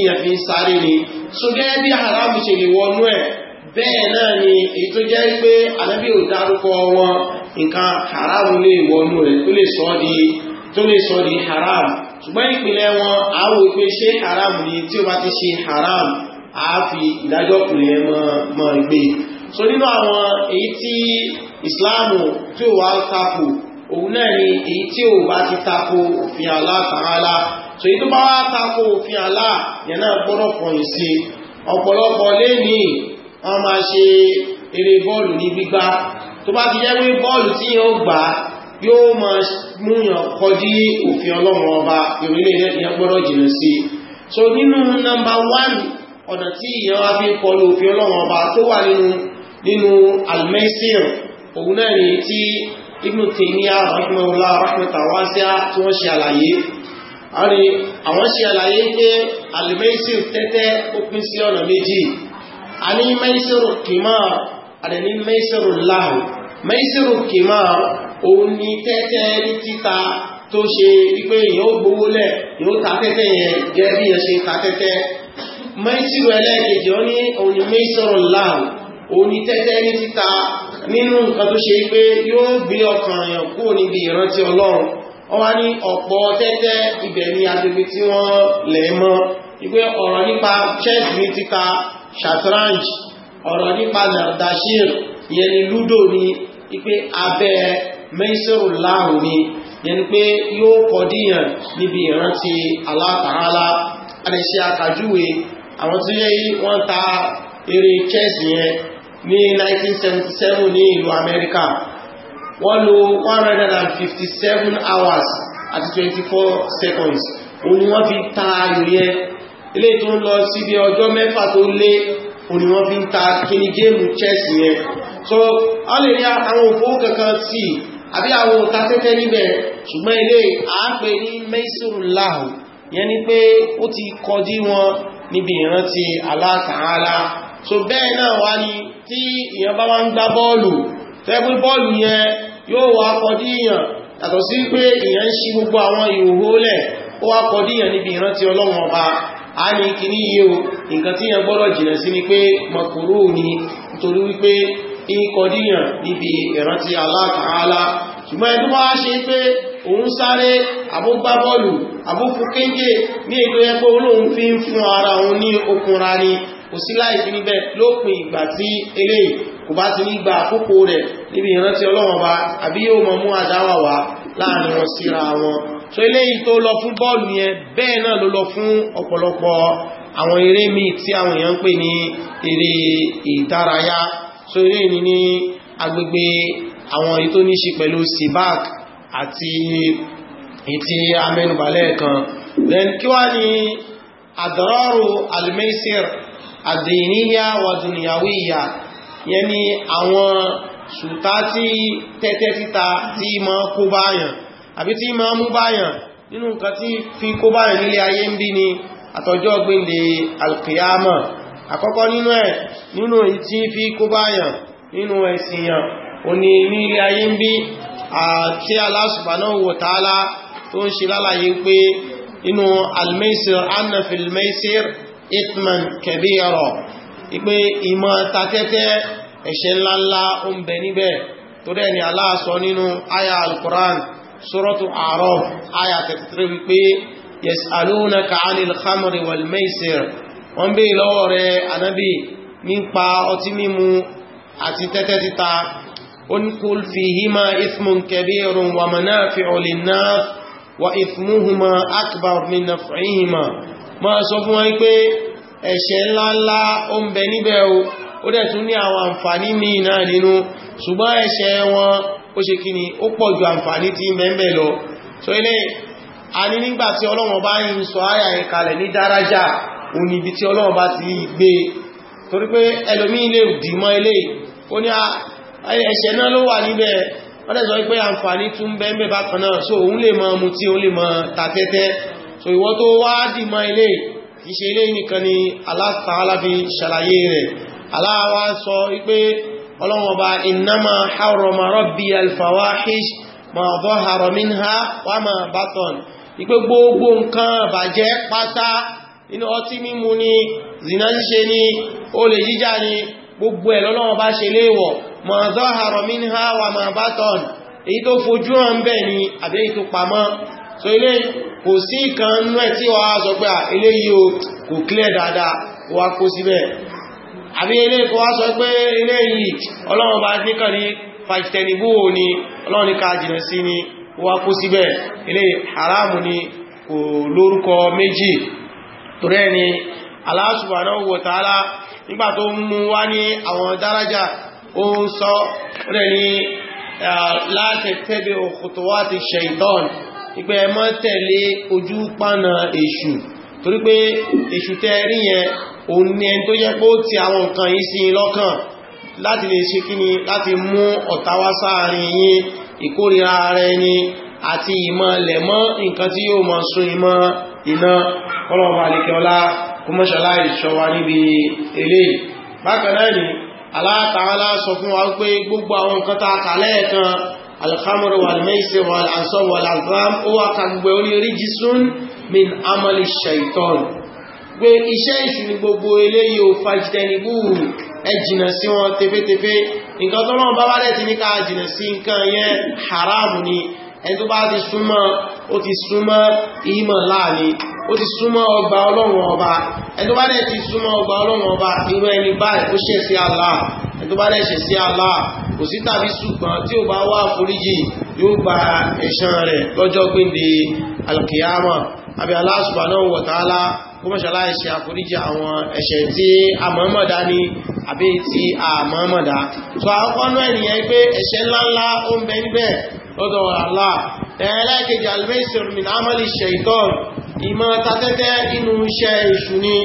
so gẹ́gẹ́ haram ṣe lè wọnú ẹ̀ bẹ́ẹ̀ ni èyí tó jẹ́ pé ò dárúkọ wọn haram lè wọnú ẹ̀ tó lè sọ di tó lè sọ di haram ṣùgbọ́n ìpìlẹ̀ wọn àwọ̀ ìpè ṣe haram ni tí ó bá ti ṣe haram a fi ìdájọ́ ìpìlẹ̀ mọ́ gbé so nínú àwọn èyí tí ìsìláàmù tí ó wá tako òun náà ni èyí tí ó bá ti tako òfin Allah ta'ala so èyí tó bá wá tako òfin Allah yẹn náà gbọ́dọ̀ fọyín sí ọ̀pọ̀lọpọ̀ lẹ́ni wọ́n máa ṣe eré bọ́ọ̀lù ní gbígbá tó bá ti jẹ́ pé bọ́ọ̀lù tí yẹn ó gbà á yóò máa múyàn kọjí òfin ọlọ́run ọba ìrìnlẹ̀ ilẹ̀ gbọ́dọ̀ jìnà sí so nínú nọmba wánì ọ̀nà tí ìyẹn wá fi kọlu òfin ọlọ́run ọba tó wà nínú nínú almesir òun náà ni tí Ibn Taymiyyah rahimahullah rahmatan wasi'a tí wọ́n ṣe àlàyé àwọn ṣe àlàyé pé almesir tẹ́tẹ́ ó pín sí ọ̀nà méjì a ní mẹ́sìrù kìmá òun ni tẹ́tẹ́ ní títa tó ṣe wípé èèyàn ó gbowó lẹ̀ yóò ta tẹ́tẹ́ yẹn gẹ́gẹ́ bí yẹn ṣe ta tẹ́tẹ́ mẹ́sìrò ẹlẹ́ẹ̀kejì ó ní òun ni mẹ́sọ̀rọ̀ láàrùn òun ni tẹ́tẹ́ ní títa nínú nǹkan tó ṣe pé yóò gbé ọkàn èèyàn kúrò níbi ìrántí ọlọ́run wọ́n wá ní ọ̀pọ̀ tẹ́tẹ́ ibẹ̀ ní agbègbè tí wọ́n lẹ̀ mọ́ wípé ọ̀rọ̀ nípa chess ní títa shatranj ọ̀rọ̀ nípa nardashir ìyẹn ni ludo ni wípé abẹ́ mẹ́sẹ̀rù láàrùn ni yẹn pé yóò kọdíyàn níbi ìrántí Allah Ta'ala adẹ̀ṣẹ́ àkàjúwe àwọn tó yẹ́ wọ́n ta eré chess yẹn ní 1977 ní ìlú Amẹ́ríkà wọ́n lo 157 hours àti 24 seconds òun ni wọ́n fi ta ayò yẹn ilé tó ń lọ síbi ọjọ́ mẹ́fà tó lé òun ni wọ́n fi ń ta kíní géèmù chess yẹn so a lè rí àwọn òfowó kankan sí i àbí àwọn òta tẹ́tẹ́ níbẹ̀ ṣùgbọ́n ilé àápẹ ní mẹ́sùrùláhù yẹn ni pé ó ti kọjú wọn níbi ìrántí Allah Ta'ala so bẹ́ẹ̀ náà wá ní tí èèyàn bá wá ń gbá bọ́ọ̀lù tẹ́gbé bọ́ọ̀lù yẹn yóò wá kọjú èèyàn yàtọ̀ sí pé èèyàn ń ṣí gbogbo àwọn ìhòhò lẹ̀ ó wá kọjú èèyàn níbi ìrántí ọlọ́run ọba a ní kìíní yìí o nǹkan tí èèyàn gbọ́dọ̀ jìnà sí ni pé mọ̀kúrú ni nítorí wípé ìkọdíyàn níbi ìrántí Allah Ta'ala ṣùgbọ́n ẹni tó bá ṣe pé òun sáré àbúgbábọ́ọ̀lù àbúfúkéńgé ní ètò ẹgbẹ́ olóhun fi ń fún ara òun ní okunra ni kò sí láì fi níbẹ̀ lópin ìgbà tí eléyìí kò bá ti ní gba àkókò rẹ̀ níbi ìrántí Ọlọ́run àbí yóò mọ mú àdáwà wá láàrin wọn síra wọn so eléyìí tó lọ fún bọ́ọ̀lù yẹn bẹ́ẹ̀ náà ló lọ fún ọ̀pọ̀lọpọ̀ àwọn eré míì tí àwọn èèyàn ń pè ní eré ìdárayá so ilé ìní ní agbègbè àwọn èyí tó ní ṣe pẹ̀lú sibac àti ìtí amẹ́nubàlẹ̀ kan then kí wá ní àdọ́rọ̀rù almaisir àdìníyà wà dùnìyàwíyà yẹn ni àwọn ṣùtá tí tẹ́tẹ́ títa tí ma kó báyàn àbí tí ma mú báyàn nínú nǹkan tí fi kó báyàn nílé ayé ń bí ni àtọjọ́ gbìndé alkiyama àkọ́kọ́ nínú ẹ̀ nínú èyí tí fi kó báyàn nínú ẹ̀sìyàn òní ní ilé ayé ń bí àti Allah subhanahu wa ta'ala tó ń ṣe lálàyé pé inú al-maisir anna fil maisir itman kabira ìpé ìmọ̀ tatẹ́tẹ́ ẹ̀ṣẹ̀ ńláńlá ó ń bẹ níbẹ̀ tó dẹ̀ ni Allah nínú aya al-Qur'an suratu aya 33 wípé yas'alunaka 'anil khamri wal maisir wọ́n bí lọ́wọ́ rẹ̀ anábì nípa ọtí mímu àti tẹ́tẹ́ títa ó ní kul fihima ithmun kabirun wa manafi'u linnas wa ithmuhuma akbar min naf'ihima ma sọ fún wọn pé ẹ̀ṣẹ̀ ńláńlá ó ń bẹ níbẹ̀ ó dẹ̀ tún ní àwọn àǹfààní míì náà nínú ṣùgbọ́n ẹ̀ṣẹ̀ wọn ó ṣe kí ni ó pọ̀ ju àǹfààní tí ń bẹ lọ so ilé a ní nígbà tí bá ń sọ áyà ìkalẹ̀ ní dárájà òun ni ibi tí ọlọ́run bá ti gbé e. torí pé ẹlòmí ilé ìdìmọ́ ilé ó ní ẹ̀ṣẹ̀ náà ló wà níbẹ̀ wọ́n lẹ́sọ àǹfààní tún bẹ́ẹ̀mẹ́ bákan náà so òun lè mọ mu tí ó lè mọ tàtẹ́tẹ́ so ìwọ tó wá dìmọ́ ilé ìṣe ilé nìkan ni aláàtàláfi ṣàlàyé rẹ̀ aláàwá sọ wípé ọlọ́run ọba innama rabbi al-fawahish ma dhahara minha wa ma batan ìpé gbogbo nǹkan bàjẹ́ pátá inú ọtí mímu ni zina ṣíṣe ni olè jíjà ni gbogbo ẹ̀ lọ́lọ́wọ́ bá ṣe léèwọ̀ ma zahara minha wa ma batan èyí tó fojú hàn bẹ́ẹ̀ ni àbí èyí tó pamọ́ so ilé kò sí ìkan nú ẹ̀ tí wàá sọ pé eléyìí o kò clear dáadáa wàá kó síbẹ̀ àbí ilé kò wá sọ pé eléyìí ọlọ́wọ́ bá níkan ní fàìtẹ̀nìbú ni ọlọ́wọ́ ní ká jìnà sí ni wàá kó síbẹ̀ ilé haramu ni kò lórúkọ méjì torí ẹni Allah subhanahu wa ta'ala nígbà tó ń mú wá ní àwọn dárájà ó ń sọ rẹ̀ ní la tattabi'u khutuwati shaytan ìpẹ́ ẹmọ́ tẹ̀lé ojú pánà èṣù torí pé èṣù tẹ́ rí yẹn òun ni ẹni tó jẹ́ pé ó ti àwọn ara ẹni àti ìmọ̀ lẹ̀mọ́ nǹkan tí yóò mọ̀ sún ìmọ̀ iná ọlọ́ọ̀bá alékẹ́ọlá kúmọ́ṣọ́lá ìṣọ́wà níbi eléyìí bákan náà ni Allah ta'ala sọ fún wa pé gbogbo àwọn nǹkan tá a kà lẹ́ẹ̀kan alkhamru wal maisir wal ansab wal azlam ó wà ká gbogbo orí rijsun min amali shaitan pé iṣẹ́ ìṣù ni gbogbo eléyìí ò fàjìdẹ̀nìbù ẹ jìnà sí wọn tefetefe nǹkan tọ́lọ́run bá ó ti súnmọ́ ìmọ̀ láàrin ó ti súnmọ́ ọgbà ọlọ́run ọba ẹni tó bá dẹ̀ ti súnmọ́ ọgbà ọlọ́run ọba irú ẹni báyìí ó ṣẹ̀ sí Allah ẹni tó bá dẹ̀ ṣẹ̀ sí Allah kò sí tàbí ṣùgbọ́n tí ó bá wá foríjì yóò gba ẹ̀san rẹ̀ lọ́jọ́ gbéǹde alkiyama àbí Allah subhanahu wa àbí tí a mọ̀ọ́mọ̀dá tó àwọn ọ̀nà ènìyàn pé ẹ̀ṣẹ̀ ńláńlá ó níbẹ̀ lọ́dọ̀ Allah ẹlẹ́kejì almesir min amali shaitan ìmọ̀ tatẹ́tẹ́ inú iṣẹ́ èṣù ni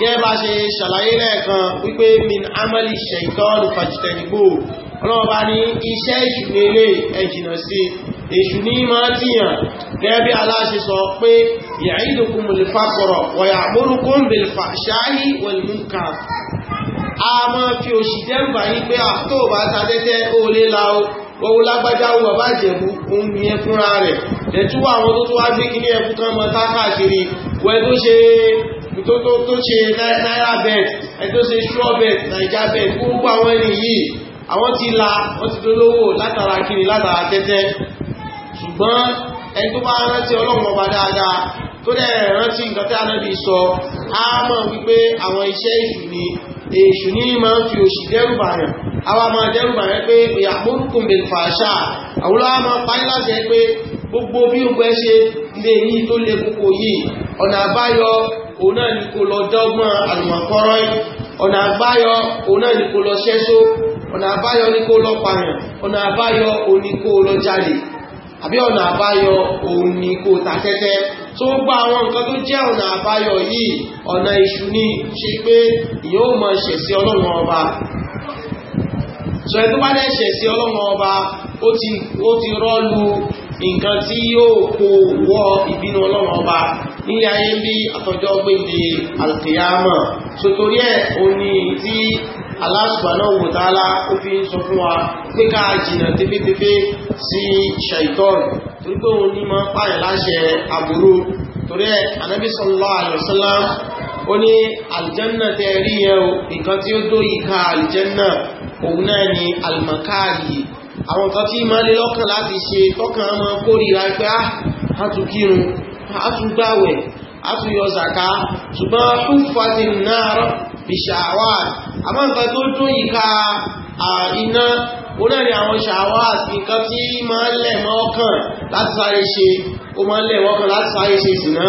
gẹ́bà ṣe ṣàlàyé lẹ́ẹ̀kan wípé min amali shaitan fàjìtẹ̀nìgbò ọlọ́ọ̀bá ní iṣẹ́ èṣù ní ilé ẹjìnà sí èṣù ní máa tíyàn gẹ́bí aláṣẹ sọ pé ya'idukumul faqra wa ya'murukum bil fahsha'i wal munkar a máa fi òṣìdẹ́gbà yí pé àtọ́ ah, bá tatẹ́tẹ́ ó lé láó owó lágbájá owó bàbá ìjẹ̀bú ń ní ẹkúnra rẹ̀ lẹ́túwọ́ àwọn tó tó wá gbé kí ní ẹkú kan mọ́ tákàkiri wẹ́ tó ṣe tó ṣe náírà bet ẹ tó ṣe ṣúọ́ bet naija bet àwọn ẹni yìí àwọn ti la wọ́n ti dolówó látara kiri látara tẹ́tẹ́ ṣùgbọ́n ẹni tó bá rántí ọlọ́run ọba dáadáa tó dẹ̀ ni èṣù ní máa ń fi òṣì dẹ́rùbà yàn àwa máa dẹ́rùbà yàn pé ìyàmúrùkùn bè fàṣà àwùlọ́ a máa páyé láti ẹ pé gbogbo bí ó pẹ́ ṣe lè ní tó lè kókò yìí ọ̀nà àbáyọ òun náà ni kò lọ dọ́gbọ́n àlùmọ̀kọ́rọ́ ọ̀nà àbáyọ òun náà ni kò lọ ṣẹ́ṣó ọ̀nà àbáyọ ni kò lọ pààyàn ọ̀nà àbáyọ òun ni kò lọ jalè àbí ọ̀nà àbáyọ òun ni kò tàtẹ́tẹ́ tó gba àwọn nǹkan tó jẹ́ ọ̀nà àbáyọ yìí ọ̀nà ìṣù ní ṣe pé yóò mọ̀ ṣẹ̀sí ọlọ́run ọba sọ ẹ̀ tó bá dẹ̀ ṣẹ̀sí ọlọ́run ọba ó ti rọ́lu nǹkan tí yóò kó wọ ìbínú ọlọ́run ọba nílé ayé bí àtọjọ́ gbèdè alkiyama so torí ẹ̀ o ní tí Allah subhanahu wa ta'ala ó fi ń sọ fún wa pé ká jìnà tẹ́fẹ́tẹ́fẹ́ sí ṣàìtọ́nù torí pé òun ní ma ń pààyàn láṣẹ àbúrú torí ẹ̀ anábí sallallahu alaihi wasallam ó ní aljanna tẹ rí yẹn o nǹkan tí ó dó ìka aljanna òun náà ni almakari àwọn nǹkan tí ma lé lọ́kàn láti ṣe tọ́kàn ma kórìíra pé á ah, tún kírun á tún gbàwẹ̀ á tún yọ àmọ́ nǹkan tó dó ìka iná ó náà ni àwọn ṣàwá àti nǹkan tí máa ń lẹ̀ mọ́ ọkàn láti sáré ṣe ó máa ń lẹ̀ mọ́ ọkàn láti sáré ṣe ìsìná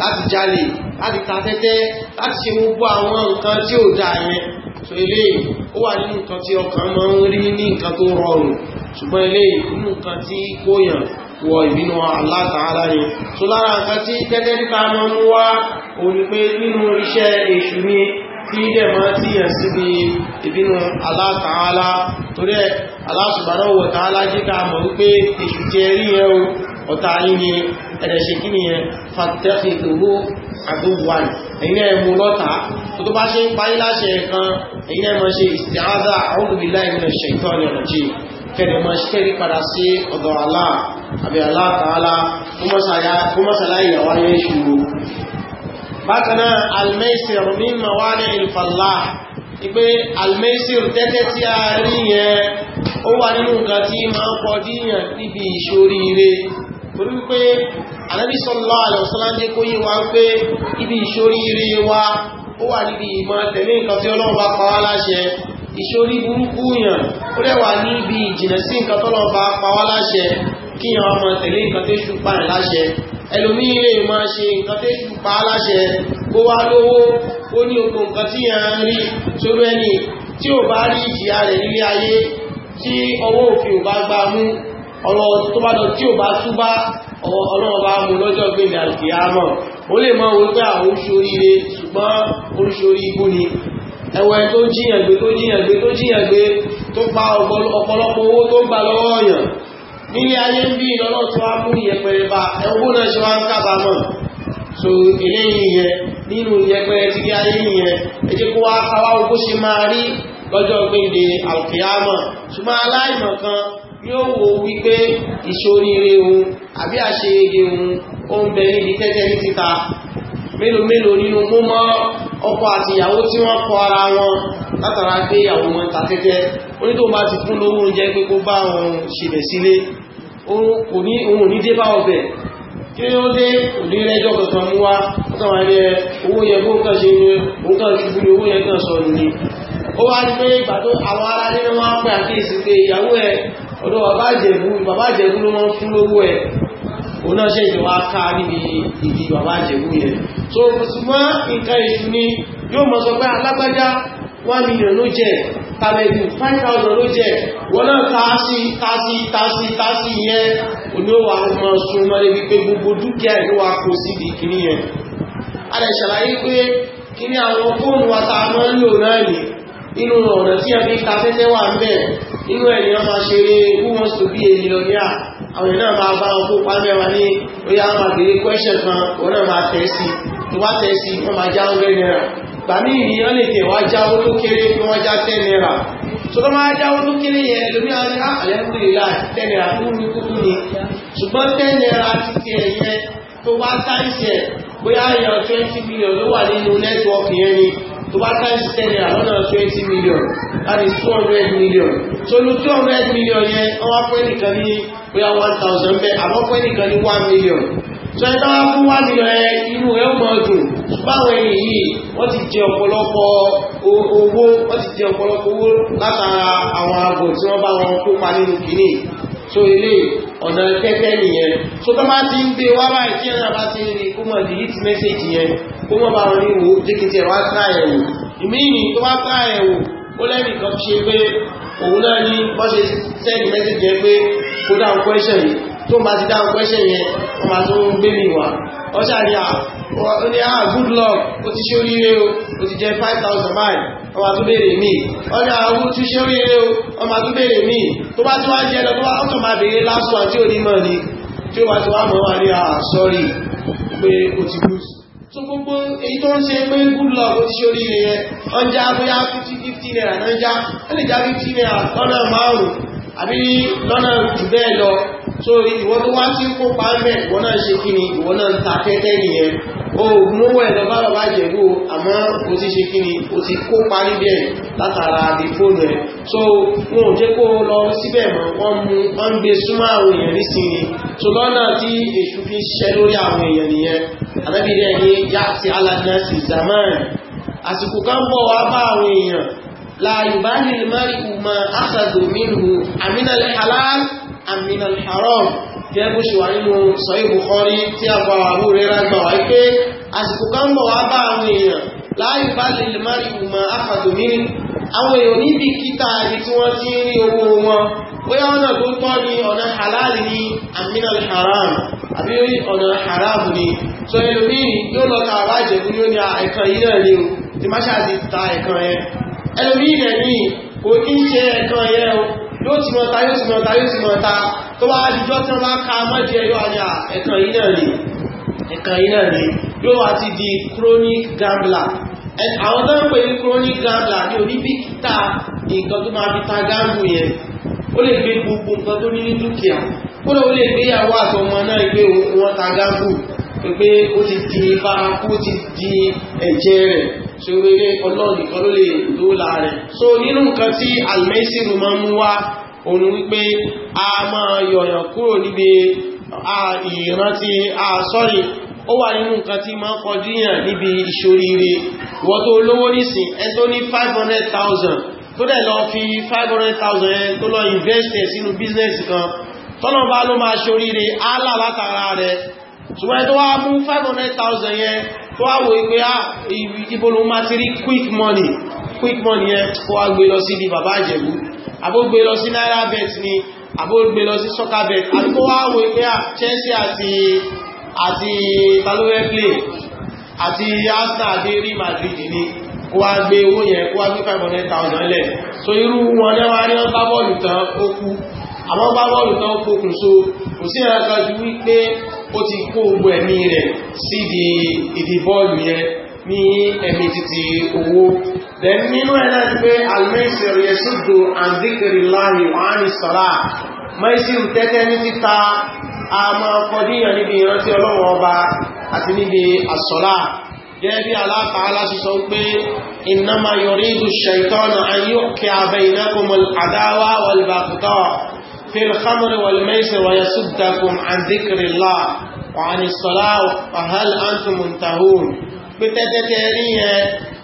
láti jalè láti ta tẹ́tẹ́ láti ṣe gbogbo àwọn nǹkan tí ó dáa yẹn so eléyìí ó wà nínú nǹkan tí ọkàn máa ń rí ní nǹkan tó rọrùn ṣùgbọ́n eléyìí nínú nǹkan tí kó wọ ìbínú Allah Ta'ala ni lára nǹkan tí tẹ́tẹ́ nípa máa ń wá òun pé nínú iṣẹ́ èṣù ni kí dẹ̀ mọ́ tí yẹn síbi ìbínú Allah Ta'ala torí ẹ̀ Allah Subhanahu wa Ta'ala jíká mọ̀ wípé èṣù ti ẹrí yẹn o ọ̀tá yíyẹ ẹ̀rẹ̀ṣẹ̀ kí ni yẹn fàtẹ́fẹ̀ẹ́dòwó àdúgbòwàn ẹ̀yìn ẹ̀mù lọ́ta tó tó bá ṣe ń parí láṣẹ kan ẹ̀yìn ẹ̀mọ́ ṣe ìsìtìhádà a'udhu billahi padà sí ọ̀dọ̀ Allah àbí Allah Ta'ala kó mọ́sàlá ìyàwó ayé ṣùgbọ́n bákanáà almeisir ní mawani ìfàlá ipé almeisir tẹ́tẹ́ tí a rí yẹn ó wà nínú nǹkan tí ma ń kọ díyàn níbi ìṣorí ire torí wípé anábí sallallahu alaihi wasallam jẹ́ kó yí wa ń pé ibi ìṣorí ire wa ó wà níbi ìmọ̀ tẹ̀lé nǹkan tí ọlọ́run pa wá láṣẹ ìṣorí burúkú yàn ó lẹ́wà níbi ìjìnà sí nǹkan tọ́lọ́run pa wá láṣẹ kíyàn ọmọ tẹ̀lé nǹkan tó ṣùpá rẹ̀ láṣẹ ẹlòmí ilé máa ṣe nǹkan tó ṣù pa aláṣẹ kó wá lówó ó ní okùn nǹkan tí yàn ń rí sórú ẹni tí ò bá rí ìjìyà rẹ̀ nílé ayé tí ọwọ́ òfin ò bá gbá mú ọ̀rọ̀ tó bá lọ tí ò bá túbá ọlọ́run bá mú lọ́jọ́ gbèdà ìgbé àmọ́ ó lè mọ́ wípé àwọn gbé tó jíyàn ilé ayé ń bí ìlọ́lọ́ tó wá mú ìyẹpẹrẹ bá ẹgbó náà ṣe wá ń kábàámọ̀ so eléyìí yẹn nínú ìyẹpẹrẹ tí kí ayé nìyẹn ẹjẹ́ kó wá káwá ogó ṣe máa rí lọ́jọ́ gbéǹde àlùkìyámọ̀ ṣùgbọ́n aláìmọ̀ kan yóò wo wípé ìṣoríire òun àbí àṣeyege òun ó ń bẹ níbi tẹ́tẹ́ ní títa mélòó mélòó nínú mú mọ́ ọkọ àti ìyàwó tí wọ́n kọ ara wọn látara pé ìyàwó wọn ta onítòun bá ti fún lówó oúnjẹ pé kó bá wọn ṣìbẹ̀ sílé kò ní ohun ní dé bá ọbẹ̀ kí ó dé òní rẹjọ́ kankan mú wá sọ́wọ́n ní owó yẹn kó kàn ṣe ní òun kàn ṣubú ní owó yẹn kàn sọ̀rọ̀ ní ó wá ní pé ìgbà tó àwọn ará nínú wọn pẹ́ àkíyèsí pé ìyàwó ẹ̀ ọ̀dọ̀ bàbá àjẹ̀bú ló máa fún lówó ẹ̀ òun náà ṣe ìjọba ká níbi ìdí bàbá àjẹ̀bú yẹn so ṣùgbọ́n nǹkan ìṣúni yóò mọ̀ sọ pé alágbájá 1 million ló jẹ́ tàbẹ̀bù 5,000 ló jẹ́ wọ́n náà tàásí tàásí tàásí tàásí yẹn oníwà ọmọ súnmọ́ lè wípé gbogbo dúkìá ìlú wa kò sí di kìíní yẹn a lè ṣàlàyé pé kìíní àwọn fóònù wa ta mọ́ ń lò náà nì nínú ọ̀nà tí a fi ta tẹ́tẹ́ wà ń bẹ̀ nínú ẹ̀yàn máa ṣe who wants to be a millionaire àwọn èèyàn máa bá wọn kópa mẹ́wàá ní orí àwọn àgbèrè question kan òun náà máa tẹ̀ sí tó bá tẹ̀ sí wọ́n máa já 100 naira gbàmí ìyàn lè tẹ̀ wá já owó tó kéré kí wọ́n já ten naira tó bá máa já owó tó kéré yẹn lómi àwọn ní ah, àlẹ́mùdìlá ten naira fún mi ni ṣùgbọ́n ten naira ẹ̀yẹ tó bá táìsì bóyá èèyàn twenty million ló wà nínú nẹ́tíwọ́ọ̀kì yẹn ni tó bá táìsì ten naira lọ́nà twenty million that is two hundred million tó lu two hundred million yẹn wọ́n wá fún ẹnìkan ní bóyá one thousand bẹ́ẹ̀ àmọ́ fún ní one million sọ ẹ̀dá wá fún wá nílẹ̀ inú ẹ̀ mọ̀ dùn báwọn ẹni yìí wọ́n ti jẹ ọ̀pọ̀lọpọ̀ owó wọ́n ti jẹ ọ̀pọ̀lọpọ̀ owó látara àwọn àgbò tí wọ́n bá wọn kópa nínú kìíní so ilé ọ̀nà tẹ́tẹ́ nìyẹn so tó bá ti ń gbé wá báyìí tí ẹ̀rọ bá ti rí kó mọ̀ delete message yẹn kó mọ̀ bá wọn ní wọ́n máa tó gbé mi wà ọ ṣàrí à ó ní ah good luck ó ti ṣe oríire o ó ti jẹ five thousand mile wọ́n máa tó béèrè mí ọ ní àwọn ah, ó ti ṣe oríire o wọ́n máa tó béèrè mí tó bá tó wá jẹ lọ tó bá ọkàn máa béèrè last one tí ò ní mọ̀ ni tí ó wá ti wá mọ̀ wá ní ah sorry pé ó ti lose tó gbogbo èyí tó ń ṣe pé good luck ó ti ṣe oríire yẹn ọjà bóyá fifty fifty naira náà já ó lè já fifty naira lọ́nà márùn-ún àbí lọ́nà jù bẹ́ẹ̀ lọ so ìwọ tó wá tí kó pa mẹ́ ìwọ náà ṣe kí ni ìwọ náà ta tẹ́tẹ́ nìyẹn o mówó ẹ̀lọ bá bàbá jẹ̀bú àmọ́ o ti ṣe kí ni o ti kó pa níbẹ̀ látara àbí fóònù ẹ̀ so wọn ò jẹ́ kó lọ síbẹ̀ mọ́ wọ́n mú wọ́n gbé súnmọ́ àwọn èèyàn nísìnyí so lọ́nà tí èṣù fi ṣẹ́ lórí àwọn èèyàn nìyẹn ní sí zaman àsìkò kan لا يبالي المرء ما أخذ منه أمن الحلال أمن الحرام gẹ́gbù ṣùwà nínú sọ́yí bukhari tí a bọ̀wà bú rẹ̀rẹ̀ gbà wáyé pé àsìkò kan bọ̀ wá bá àwọn èèyàn láàyè bá lè lè márì ìmọ̀ afàdòmínì àwọn èèyàn níbi kíta ibi tí wọ́n ti ń rí owó wọn bóyá ọ̀nà tó tọ́ ni ọ̀nà halal ni amina haram àbí ọ̀nà haram ni sọ ẹlòmíì yóò lọ ta àwájẹ̀kú yóò ní ẹ̀kan yìí náà ni o ti má ṣáà ti ta ẹ̀kan yẹn ẹlòmí ilẹ̀ ní kò ní ṣe ẹ̀kan yẹ́ o yóò ti mọ̀ta yóò ti mọ̀ta yóò ti mọ̀ta tó wá àjíjọ́ tí wọ́n bá ká mọ́jẹ yóò àjá ẹ̀kan yìí náà ni ẹ̀kan yìí náà ni yóò wá ti di chronic gambler àwọn tó ń pè ní chronic gambler ní oníbìkítà nǹkan tó máa fi ta gáàmù yẹn ó lè gbé gbogbo nǹkan tó ní ní dúkìá ó lè lè gbé ìyàwó àtọmọ náà gbé wọn ta gáàmù pé ó ti di bárakú ti di ẹ̀jẹ̀ rẹ̀ ṣe orílẹ̀ ọlọ́ọ̀nì kan ló lè ló láàrẹ̀ so nínú nǹkan tí almẹ́sìrù ma ń wá òun wípé a máa yọ̀yàn kúrò níbi ìrántí àṣọ́rì ó wà nínú nǹkan tí ma ń kọjúyàn níbi ìṣoríire wọ́n tó lówó nísìn ẹ tó ní 500,000 tó dẹ̀ lọ fi 500,000 ẹ tó lọ invest sínú business kan tọ́nà bá ló máa ṣoríire á là rẹ̀ ṣùgbọ́n tó wá mú 500,000 yẹn tó wá wò pé á ìbò ló máa ti rí quick money quick money yẹn kó wá gbé lọ sí ibi bàbá àjẹ̀bú àbó gbé lọ sí naira bet ni àbó gbé lọ sí soccer bet àbí kó wá wò pé á ah, Chelsea àti àti talore play àti Arsenal àti Real Madrid ni kó wá gbé owó yẹn kó wá gbé 500,000 lẹ̀ so irú wọn lẹ́wọ́n á ní wọ́n bá bọ́ọ̀lù àwọn bá rọ́ọ̀lù tán fókùn so kò sí ẹ̀rọ kan ju wípé ó ti kó gbogbo ẹ̀mí rẹ̀ síbi ìdí bọ́ọ̀lù yẹn ní ẹ̀mí títí owó then nínú ẹ̀ náà ti pé almẹ́sẹ̀rẹ̀ yẹ sódò àndíkẹrì láàrin wọ́n á ní sọ́lá mẹ́sìn tẹ́tẹ́ ní títa a máa kọdíyàn níbi ìrántí ọlọ́wọ́ ọba àti níbi àsọ́lá gẹ́gẹ́ bí aláta aláṣíṣọ́ pé innama yuridu shaytanu an yuqi bainakumul adawa wal baghdha في الخمر والميسر ويصدكم عن ذكر الله وعن الصلاة وهل أنتم منتهون بتتترين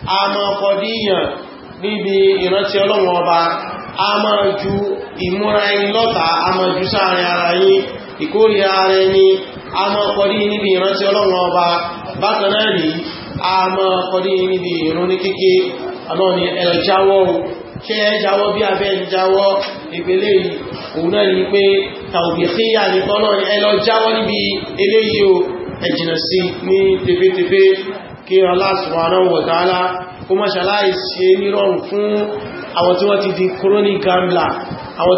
أما قديا بيبي إراتي الله وبا أما جو إمرأي لطا أما جو ساري علي ìkórìíra ara ẹni a máa kọrí níbi ìrántí ọlọ́run ọba bákan náà ní a máa kọrí ṣe ẹ jáwọ́ bí abẹ́ ń jáwọ́ ìpele yìí òun náà ni pé tàbí sí àlìkọ́ náà ni ẹ lọ jáwọ́ níbi eléyìí o ẹ jìnà sí ní tefetefe kí Allah subhanahu wa ta'ala kó má ṣàláì ṣe nírọ̀rùn fún àwọn tí wọ́n ti di chronic gambler àwọn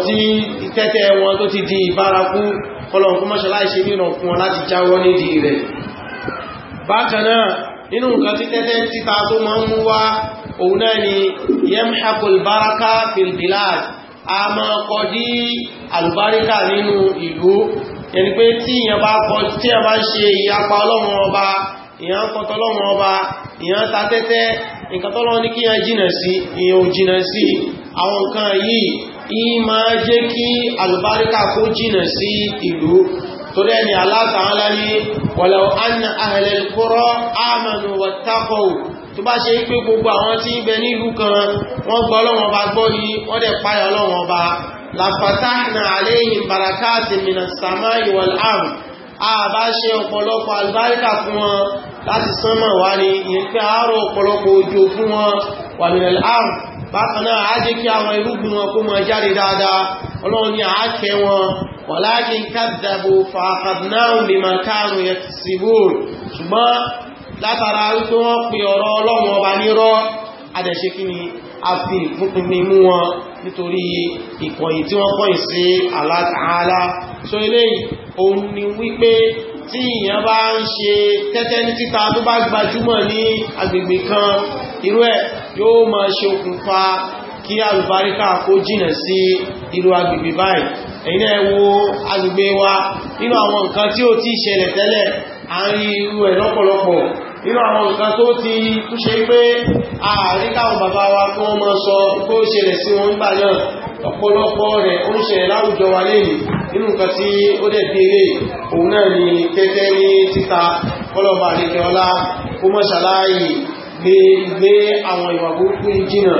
nínú nǹkan tí tẹ́tẹ́ tó máa ń mú wá òun náà ni yemhaqul baraka fil bilad a máa kọ dí àlùbáríkà nínú ìlú ẹni pé tí èèyàn bá kọ tí èèyàn bá ń ṣe ìyapa ọlọ́run ọba èèyàn kọtọ lọ́wọ́ ọba èèyàn ta tẹ́tẹ́ nǹkan tọ́lọ́ ní kí yàn jìnà sí èèyàn ò jìnà sí àwọn nǹkan yìí ní walau tó bá ṣe pé gbogbo àwọn tí ń bẹ nílùú kan wọ́n gbọ́ ọlọ́wọ́n bá gbọ́ yìí wọ́n dẹ̀ páyà ọlọ́wọ́n bá lafatahna alayhim barakatin minas samai wal ard àbá ṣe ọ̀pọ̀lọpọ̀ àlùbáríkà fún wọn láti sánmà wá ní ìpẹ́ àárọ̀ ọ̀pọ̀lọpọ̀ òjò fún wọn wà minal ard bákan náà á jẹ́ kí ṣùgbọ́n látara wípé wọ́n pè ọ̀rọ̀ ọlọ́run ọba nírọ́ adẹ̀ṣe kí ni a fi ìpínpínlẹ̀ mú wọn nítorí ìkọ̀yìn tí wọ́n kọ̀yìn sí Allah Ta'ala so eléyìí òun ni wípé tí èèyàn bá ń ṣe tẹ́tẹ́ ní títa tó bá gbajúmọ̀ ní agbègbè kan irú ẹ̀ yóò máa ṣe okùnfà kí alùbáríkà kó jìnà sí irú agbègbè báyìí ẹ̀yin náà agbègbè wa nínú àwọn nǹkan tí ó ti ṣẹlẹ̀ tẹ́lẹ̀ àárín irú ẹ̀ lọ́pọ̀lọpọ̀ irú àwọn nǹkan tó ti tó ṣe pé ààrí káwọn bàbá wa kí wọ́n mọ́ sọ kó ṣẹlẹ̀ sí wọn nígbà náà ọ̀pọ̀lọpọ̀ rẹ̀ ó ń ṣẹlẹ̀ láwùjọ wa lè nínú nǹkan tí ó dẹ̀ bí eré òun náà ni kẹ́kẹ́ ní títa kọlọ̀bà àríkẹ́ọlá kó mọ́ ṣàláyì gbé àwọn ìwà burúkú jìnà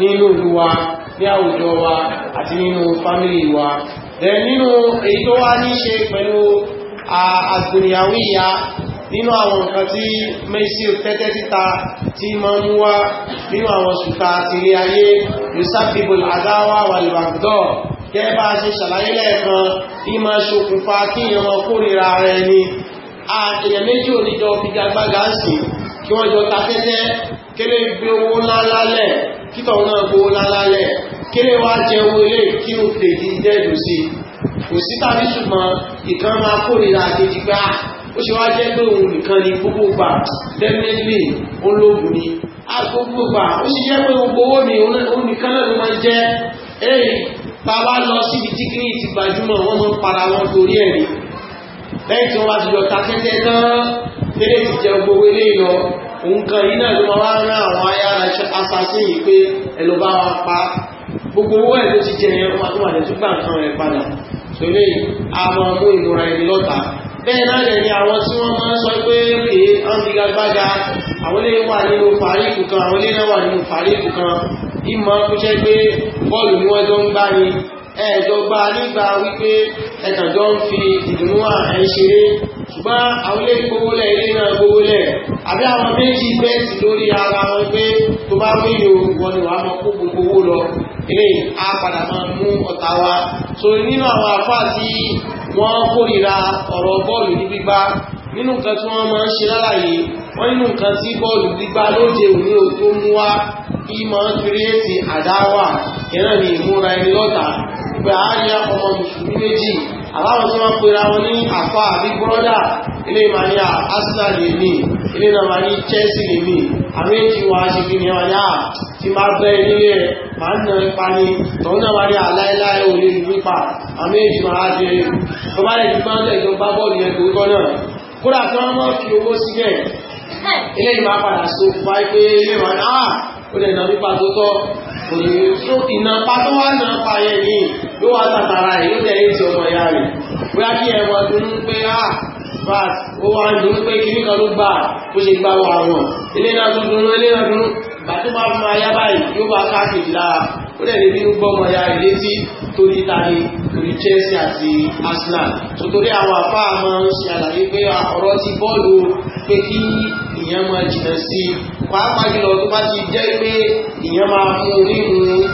nínú ìlú wa ní àwùjọ wa àti nínú fámílì wa. Dẹ̀ nínú èyí tó wá ní ṣe pẹ̀lú àgbìyàwíyà nínú àwọn nǹkan tí mẹ́síl tẹ́tẹ́ títa tí ma ń wá nínú àwọn ṣùta ti rí ayé yusafibul adáwà wàlìbàgbọ́ gẹ́gẹ́ bá ṣe ṣàlàyé lẹ́ẹ̀kan ní ma ṣokùnfà kí ìyànmọ́ kórìíra rẹ̀ ni àtẹ̀yàn méjì oníjọ figagbága sí kí wọ́n jọ tafẹ́tẹ́ kéré gbé owó lálálẹ̀ títọ̀ náà gbówó lálálẹ̀ kéré wá jẹ owó ilé kí ó fèdí jẹ́ ìlú kò sí tàbí ṣùgbọ́n ìkan máa kórìíra àkejì pé ó ṣe wá jẹ́ pé òun nìkan ni gbogbo gbà definitely ológun ni agbogbo gbà ó sì jẹ́ pé gbogbo owó ni òun nìkan náà ló máa jẹ́ èyí tá a bá lọ síbi tí kìíní ti gbajúmọ̀ wọ́n mọ́ para wọn torí ẹ̀ ni lẹ́yìn tí wọ́n bá ti lọ ta tẹ́tẹ́ tán tẹ́lẹ̀ ti jẹ gbogbo ilé lọ òun kan yìí náà ló máa wá rán àwọn ayára assassin yìí pé ẹ bá wa pa gbogbo owó ẹ̀ ló ti jẹ yẹn wọn àti wọn àdẹ̀tún gbà nǹkan rẹ̀ padà sórí àmọ́ mú ìmúra ẹni lọ́ta bẹ́ẹ̀ náà lẹ̀ ni àwọn tí wọ́n máa ń sọ pé pé ọ́nbígagbága àwọn ilé wà nínú fàríkù kan àwọn ilé náà wà nínú fàríkù kan ìmọ̀ kú pé bọ́ọ̀lù ni wọ́n jọ ń gbá ni ẹ̀ẹ́dọ́ gbá nígbà wípé ẹ̀tàn jọ ń fi ìdùnnú à ń ṣeré ṣùgbọ́n àwọn ilé gbogbo lẹ̀ ilé náà gbogbo lẹ̀ àbí àwọn méjì bẹ́ẹ̀sì lórí ara wọn pé tó bá wíyò wọn ni wàá mọ kó gbogbo owó lọ ilé a padà máa mú ọ̀tá wa so nínú àwọn àfáà tí wọ́n kórìíra ọ̀rọ̀ bọ́ọ̀lù ní gbígbá nínú nǹkan tí wọ́n máa ń ṣe lálàyé wọ́n nínú nǹkan tí bọ́ọ̀lù gbígbá lóde òní ò tó mú wá kí máa ń kírẹ́ẹ̀tì àdáwà ìran ìmúra ẹni lọ́ta pé àárín ọmọ mùsùlùmí méjì àbáwọn tí wọ́n pèrà wọn ní àpá àbí brọ́dà ilé ìmà ní Arsenal lè ní ilé ìnàmà ní Chelsea lè ní àmì tí wọ́n ṣe fi ní ọ̀yá ah, tí máa bẹ́ ilé rẹ̀ máa ń nàrí pa ní tọ́hún náà wárí aláìláì ò lè rí pa àmì èjì máa jẹ tó bá lè fi máa ń tẹ̀ tó bá bọ́ọ̀lù yẹn tòótọ́ náà kódà tí wọ́n máa fi owó síbẹ̀ ilé ìmà padà so fáì pé ilé ìmà náà ah, ó lè nà nípa tó tọ́ kò ní tó ìnapa tó wá náà pa yẹn ní ló wá tàtàrà ẹ̀ yóò tẹ̀lé ti ọmọ ìyá rẹ̀ bóyá kí ẹ̀ wọ́n dún pé á ah, fat ó wá ń dún pé kí nìkan ló gbà ó ṣe gbà wọ àwọn ilé náà tó ilé náà dún bàtí bá fún ayá báyìí yóò bá káàkiri lára ó dẹ̀ lè bí ń gbọ́mọ ya rẹ̀ létí torí tani torí Chelsea àti Arsenal tó torí àwọn àfá máa ń ṣe àlàyé pé ọ̀rọ̀ ti bọ́ọ̀lù pé kí ìyẹn máa jìnà sí pàápàá jùlọ tó bá ti jẹ́ pé ìyẹn máa fi orí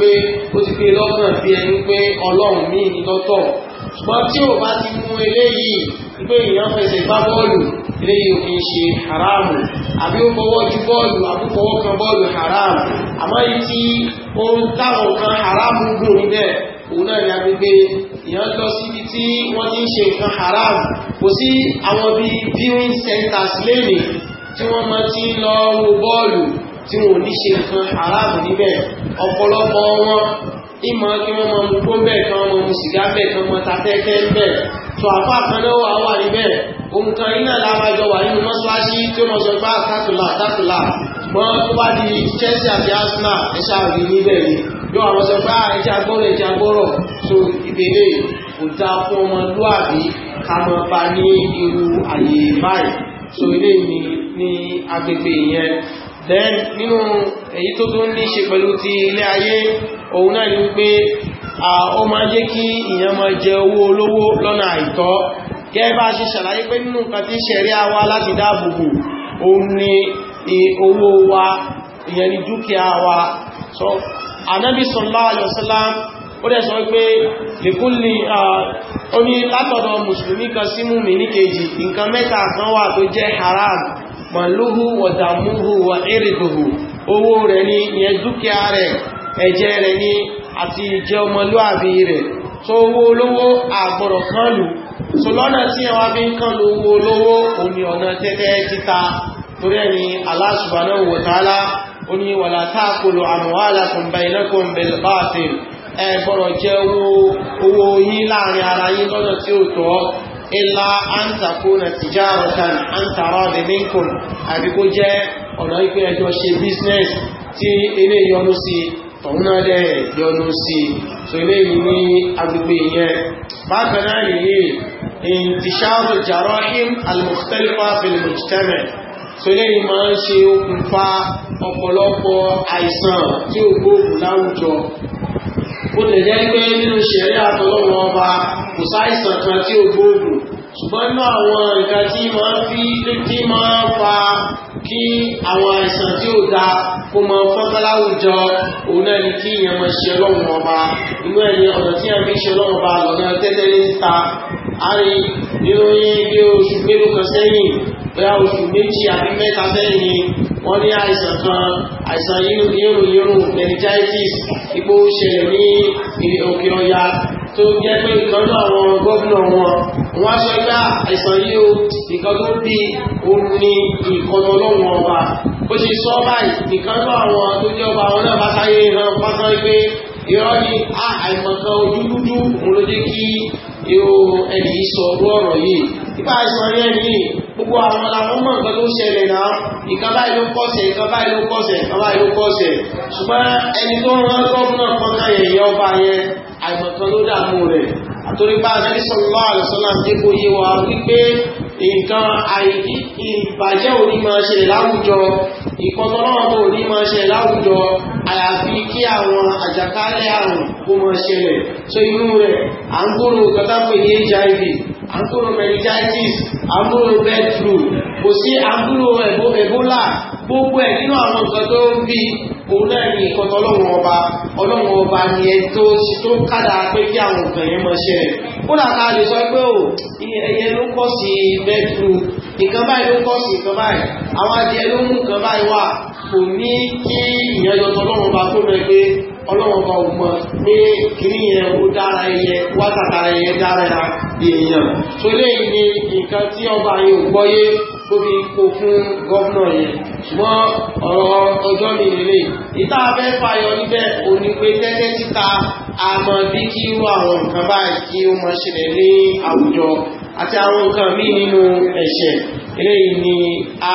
pé ó ti pé lọ́kàn bí ẹni pé ọlọ́run míì ní lọ́tọ̀ ṣùgbọ́n tí ò bá ti mú eléyìí pé ìyẹn fẹsẹ̀ gbá bọ́ọ̀lù eléyìí kì í ṣe haramu àbí ó fọwọ́ ju bọ́ọ̀lù àbí kan bọ́ọ̀lù haramu àmọ́ yìí tí ó ń táwọn kan haramu dùn níbẹ̀ òun náà ni agbègbè èèyàn lọ síbi tí wọ́n ti ń ṣe nǹkan haramu kò sí àwọn bí viewing centers lẹ́nìí tí wọ́n máa ti ń lọ wo bọ́ọ̀lù tí wọ́n ní ṣe nǹkan haramu níbẹ̀ ọ̀pọ̀lọpọ̀ wọn ìmọ̀ kí wọ́n máa mú kó bẹ́ẹ̀ kan máa mú sìgá bẹ́ẹ̀ kan máa ta tẹ́tẹ́ bẹ́ẹ̀ sọ àfá kanáà wà wà níbẹ̀ nǹkan iná lábájọ wà nínú mọ́sálásí tí ó mọ̀sọ̀ ipá tákùlà ah, tákùlà mọ́ tó bá di Chelsea àti Arsenal ẹ̀ṣà rí níbẹ̀ ni yóò ah, so ìbèlè kò dá fún ọmọlúàbí ká mọ́ bá ní irú àyè báyìí so ilé then nínú èyí tó tún ní ṣe pẹ̀lú ti ilé ayé òun náà ni wípé ó máa jẹ́ kí ìyàn máa jẹ owó olówó lọ́nà àìtọ́ gẹ́gẹ́ bá ṣe ṣàlàyé pé nínú nǹkan tí ṣẹ̀rí lati láti dáàbòbò òun ni owó wa ìyẹn ni wa so anábì sallallahu dị kan haram owó rẹ̀ ni ìyẹn dúkìá rẹ̀ rẹ̀ ni àti ìjẹ ọmọlúàbí rẹ̀ tó owó olówó àgbọ̀rọ̀ kan lù so lọ́nà tí ẹwà bí ń kán lo owó olówó òní ọ̀nà tẹ́tẹ́ títa torí ẹni Allah subhanahu wa ta'ala oní wala ta'kulu amwalakum bainakum bil batil ẹgbọ́rọ̀ jẹ́ owó yín láàrin ara yín tijaratan àǹtàrà ọ̀dẹ̀mínkùn àbíkó jẹ́ ọ̀nà ìpínlẹ̀ ẹjọ́ ṣe business tí ilé ìyọnu sí tọ̀hún náà lẹ́ yọnu sí so ilé ìlú ní agbègbè yẹn bákan náà nìyí intisharu jarahim al-mukhtalifa fil mujtama so ilé yìí máa ń ṣe okùnfà ọ̀pọ̀lọpọ̀ àìsàn tí ó gbóògùn láwùjọ ó lè jẹ́ pé nínú ṣẹ̀rí àtọlọ́wọ́ ọba kò sáìsàn kan tí ó gbóògùn ṣùgbọ́n inú àwọn nǹkan tí ma ń fi tí ma ń fa kí àwọn àìsàn tí ó da kó ma fọ́nká láwùjọ òun náà ni kí èèyàn máa ṣe ọlọ́run ọba inú ẹ̀yìn ọ̀nà tí a fi ṣe ọlọ́run ọba lọ́nà tẹ́tẹ́ ní ta a rí níròyìn bí oṣù mélòó kan sẹ́yìn bóyá oṣù méjì àbí mẹ́ta sẹ́yìn ni wọ́n ní àìsàn kan àìsàn yírùnyírùn meningitis ipò ṣẹlẹ̀ ní òkè ọya tó jẹ́ pé ìkan náà àwọn gómìnà wọn wọ́n sọ pé ah, àìsàn yìí o nǹkan tó bí òun ni ìkọ̀nà ọlọ́run ọba ó ṣe sọ báyìí nǹkan náà àwọn tó jẹ́ ọba àwọn náà bá sáyé ìran pátán pé irọ́ ni ah, ojú dúdú òun ló jẹ́ kí ẹni sọ ọ̀rọ̀ yìí nípa àìsàn yẹn yìí gbogbo àwọn àwọn mọ̀ nǹkan tó ṣẹlẹ̀ náà ìkan báyìí ló kọ́sẹ̀ ìkan báyìí ló kọ́sẹ̀ ìkan báyìí ló kọ́sẹ̀ ṣùgbọ́n ẹni tó rán gọ́ọ̀nà kọ́ńtà yẹn ìyá ọba yẹn àìmọ̀kan ló dààmú rẹ̀ àtòrí bá àti sallallahu alaihi wasallam tí kò yé wa wípé nǹkan àìdí ìbàjẹ́ òní máa ṣẹlẹ̀ láwùjọ ìkọtọ́lọ́wọ́ tó òní máa ṣẹlẹ̀ láwùjọ àyàfi kí àwọn àjàkálẹ̀ àrùn kó máa ṣẹlẹ̀ tó inú rẹ̀ à ń gbóòrò kọ́tà ní hiv àbúrò meningitis àbúrò bedroom kò sí àbúrò ebola gbogbo ẹ̀ nínú àwọn nǹkan tó ń bí òun náà ní nǹkan tó ọlọ́run ọba ọlọ́run ọba ni ẹ tó tó kádà pé kí àwọn nǹkan yẹn máa ṣẹlẹ̀ kódà ká lè sọ pé ò oh, ẹyẹ ló kọ́ sí bedroom nǹkan báyìí ló kọ́ sí nǹkan báyìí àwọn adìẹ ló mú nǹkan báyìí wà kò ní kí ìyẹjọ tọ́lọ́wọ́n bá tó mẹ́ pé ọlọ́wọ́n bá ò mọ̀ pé kìí yẹn ó dára ẹyẹ wátàkà ẹyẹ dára èèyàn tó lè ní nǹkan tí ọba yìí ò gbọ́yé tó fi kó fún gọ́ọ̀nà yẹn ṣùgbọ́n ọ̀rọ̀ ọjọ́ mi nílé ìta abẹ́ fàyọ níbẹ̀ ò ní pé tẹ́lẹ̀ títa àmọ́ bí kí irú àwọn nǹkan báyìí kí ó máa ṣẹlẹ̀ ní àwùjọ àti àwọn nǹkan míì nínú ẹ̀ṣẹ̀ eléyìí ni a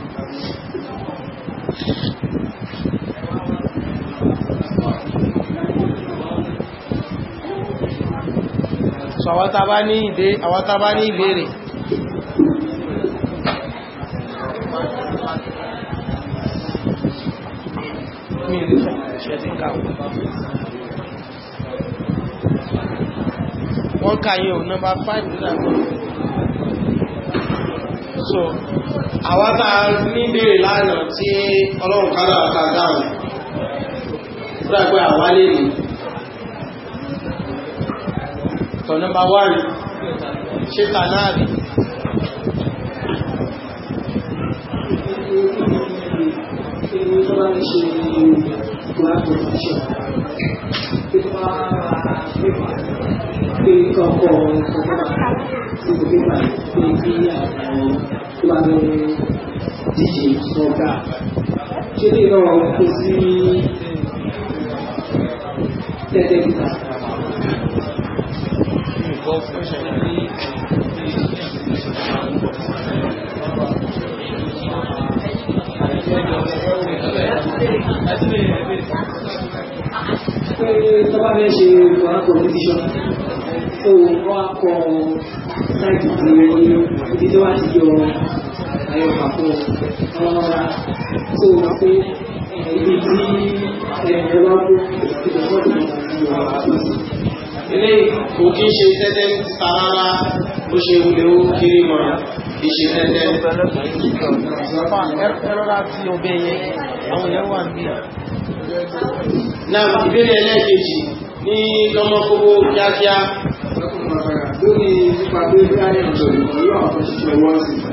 àwátábá ní ìdé àwátábá ní ìbéèrè wọ́n káyẹ̀ ò nọ́mbà 5 nílànà so àwátà níbèrè lánàá tí ọlọ́run kádà àtà dáhùn gbàgbé àwálé ni tọ̀ nọmba wárì ṣe tànáàbì Thank you pé kọ́kọ́ sí ti pépà pé kí àwọn tó bá lọ ṣé lè lọ kó sí tẹ́tẹ́ níta. Pé tọ́ba fẹ́ ṣe ìwà kọ̀ọ̀mù ti ṣọ́nà so wọ́n á kọ sáìtì ibi tí wọ́n ti yọ ayọ̀ pàpọ̀ ọlọ́wọ́ra so wọ́n pé ibi tí ẹ̀rọ wá kó ìdílé wọ́n ti yọ ilé kò kí ń ṣe tẹ́tẹ́ sára bó ṣe wulẹ̀ ó kiri mọ́ ìṣe tẹ́tẹ́. ẹ̀rọ láti ọbẹ̀ yẹn àwọn èèyàn wà níbí. náà ìbéèrè ẹlẹ́ẹ̀kejì ní lọ́mọ kíákíá lórí nípa pé bí ayé àwọn tó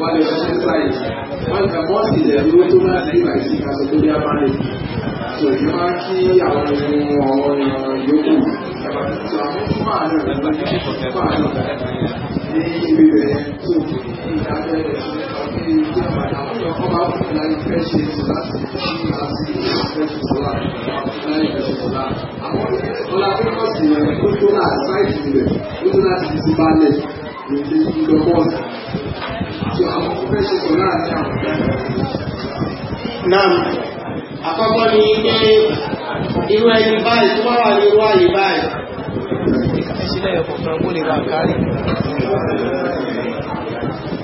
wà lè ṣe sáyẹ̀sì wọ́n ń tàbọ́ sí ilẹ̀ ló tó náà sí ìgbà sí ìkàsọ tó bí abáyé tó ìjọ máa kí àwọn ohun ọ̀rọ̀ yòókù tó àwọn tó máa lọ lọ́wọ́ ní ibi rẹ̀ tó ìdájọ́ rẹ̀ sí ọkọ̀ máa fún láì fẹ́ ṣe sọ́lá sí ìfẹ́ ṣe sọ́lá láì fẹ́ ṣe sọ́lá àwọn ọlá pípọ̀ sí rẹ̀ tó tó náà sáìsì rẹ̀ tó tó náà sì ti bá lẹ̀ ní ìdíjú lọ́pọ̀ ọ̀sẹ̀ Nam, àkọ́kọ́ ni pé irú ẹni báyìí tó wà ní irú àyè báyìí. Ìsílẹ̀ ọ̀pọ̀kan mú lè rà kárí.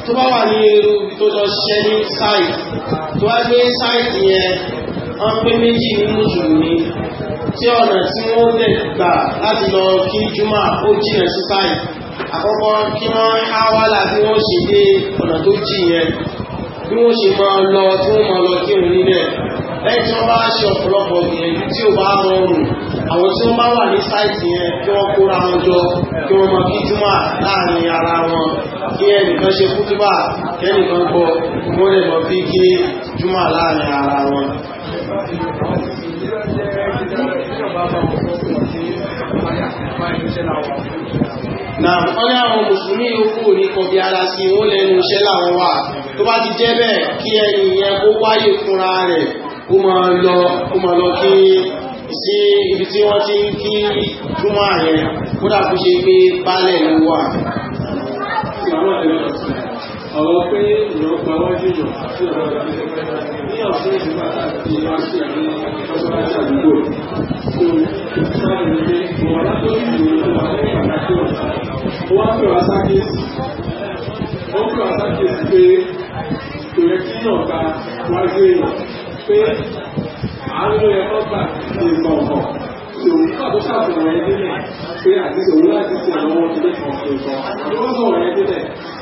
Tó bá wà ní irú tó lọ ṣẹ́ ní sáìtì, tó wá gbé sáìtì yẹn, wọ́n pé méjì ní Mùsùlùmí tí ọ̀nà tí wọ́n lè gbà láti lọ kí Júmà ó jìnà sí sáìtì àkọ́kọ́ kí wọ́n háwálà bí wọ́n ṣe dé ọ̀nà tó jì yẹn bí wọ́n ṣe máa lọ tí wọ́n máa lọ kí òun nílẹ̀ lẹ́yìn tí wọ́n bá ṣe ọ̀pọ̀lọpọ̀ gbìyànjú tí ò bá rọrùn àwọn tí wọ́n bá wà ní sáìtì yẹn kí wọ́n kóra wọn jọ kí wọ́n máa kíjúmọ̀ láàrin ara wọn kí ẹnìkan ṣe kútúbà kẹ́nìkan gbọ́ wọ́n lè mọ̀ fi kí júmọ̀ láàrin ara wọn náà wọ́n ní àwọn mùsùlùmí yòókù ní kọ̀bí ara sí wọ́n lẹ́nu iṣẹ́ láwọn wà tó bá ti jẹ́ bẹ́ẹ̀ kí ẹni yẹn ó wáyé fúnra rẹ̀ ó máa lọ kí sí ibi tí wọ́n ti ń kí júmọ́ yẹn kódà kó ṣe pé baálẹ̀ ló wà ọ̀rọ̀ pé gba wájú yàn sí ọ̀rọ̀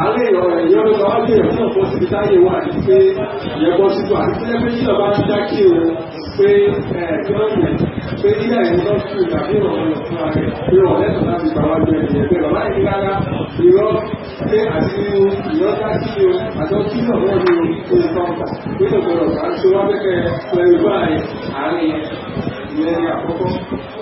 àárín ìrọ̀rọ̀ ìyẹn ló wá bí ìrọ̀rọ̀ fún síbi táyé wà ní pé ìyẹn bọ́ àti sílẹ̀ pé yíyọ̀ bá ń dá o pé ẹ̀ẹ́dọ́rùn pé yíyà ìlú náà fún ìgbà fún ààrẹ pé wọ́n lẹ́tọ̀ọ́ láti gbà wá gbé ẹ̀yẹ pé bàbá yìí rárá ìrọ̀ pé àti ìrọ̀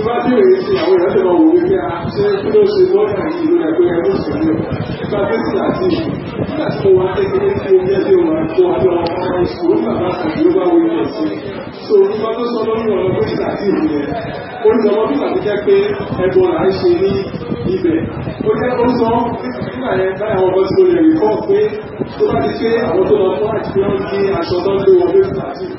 tí bá bí òye sí àwọn èèyàn tó máa wò wípé a ah, ṣe kí ló ṣe lọ́dà yìí ló yẹ pé ẹ mú sí ilé nípa bí sí àti nígbà tí mo wá kékeré tí ó jẹ́ bí wọn àjọ ọjọ́ ọmọ ìṣòro bàbá àti ló bá wọ ilé sí so nípa tó sọ lórí ọ̀rọ̀ bí sí àti ìlú yẹn ó ní ọmọ bíbà tó jẹ́ pé ẹbọ là ń ṣe ní ibẹ̀ ó jẹ́ ó sọ nígbà yẹn báyà ọmọ tí lè rí kọ́ pé tó bá ti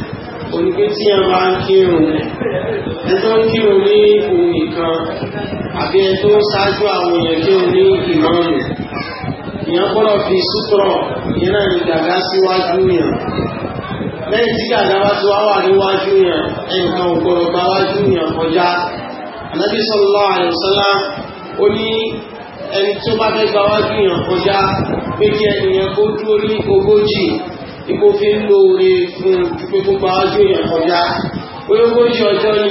onígbé tí a máa ń kírun ẹ tó ń kírun ní ohun nìkan àbí ẹ tó ń ṣáájú àwọn èèyàn kírun ní ìmọ̀ọ̀nù èèyàn gbọ́dọ̀ fi sútọ̀rọ̀ ìyẹn náà ní gàgá síwájú yàn lẹ́yìn tí gàgá wá ti wá níwájú yàn ẹnìkan ò gbọ́dọ̀ sallallahu alaihi wasallam ó ní ẹni tó bá fẹ́ gba wájú yàn pé kí ẹnìyàn kó dúró ní ogójì ipò fi ń lo oore fún pé kó pa ọjọ́ èèyàn kọjá pé ogójì ọjọ́ ni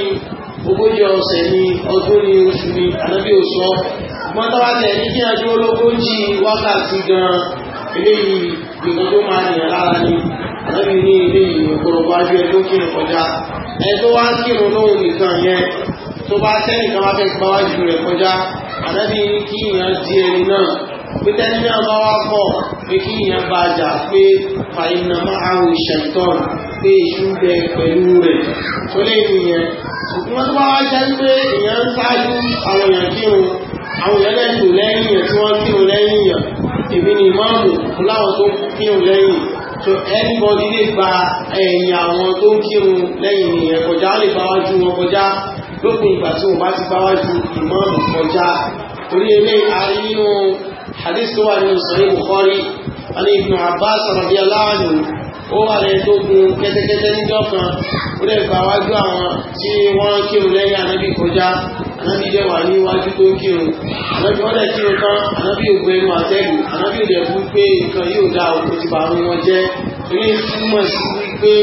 ogójì ọ̀sẹ̀ ni ọdún ni oṣù ni ànábì ò sọ mọ́tàwátẹ̀ ní kí ẹjọ́ ológójì wákàtí gan eléyìí nǹkan máa nìyàn lára ni ànábì ní eléyìí ọ̀pọ̀lọpọ̀ ajọ́ ẹjọ́ kírun kọjá ẹjọ́ wá ń kírun lóhun nìkan yẹn tó bá tẹ́nìkan pé tẹ́ni náà bá wá pọ̀ pé kí ìyẹn bá jà pé fàyínàmá àwọn ìṣẹ̀tọ́n pé ìṣú bẹ pẹ̀lú rẹ̀ tó lè nìyẹn ṣùgbọ́n tó bá wá jẹ́ pé èèyàn ń ṣáájú àwọn èèyàn kírun àwọn èèyàn lẹ́tò lẹ́yìn yẹn tí wọ́n kírun lẹ́yìn yẹn èmi ni ìmáàmù láwọn tó kírun lẹ́yìn so anybody lè gba ẹ̀yìn àwọn tó ń kírun lẹ́yìn nìyẹn kọjá lè bá wájú wọn kọjá lópin ìgbà tí wọn bá ti bá wájú ìmáàmù kọjá orí eléyìí a nínú hadith tó wà nínú sahih bukhari wọn ni ibn abbas radiyallahu anhu ó wà lẹ́yìn tó gun kẹ́tẹ́kẹ́tẹ́ níjọ́ kan ó lè gba wájú àwọn tí wọ́n kírun lẹ́yìn ànábì kọjá ànábì jẹ́ wà ní iwájú tó kírun ànábì wọ́n dẹ̀ kírun tán ànábì ò gbé inú àtẹ́gù ànábì ò dẹ̀ bú pé nǹkan yóò dá òkú ti bàánú wọn jẹ́ torí túmọ̀ sí wípé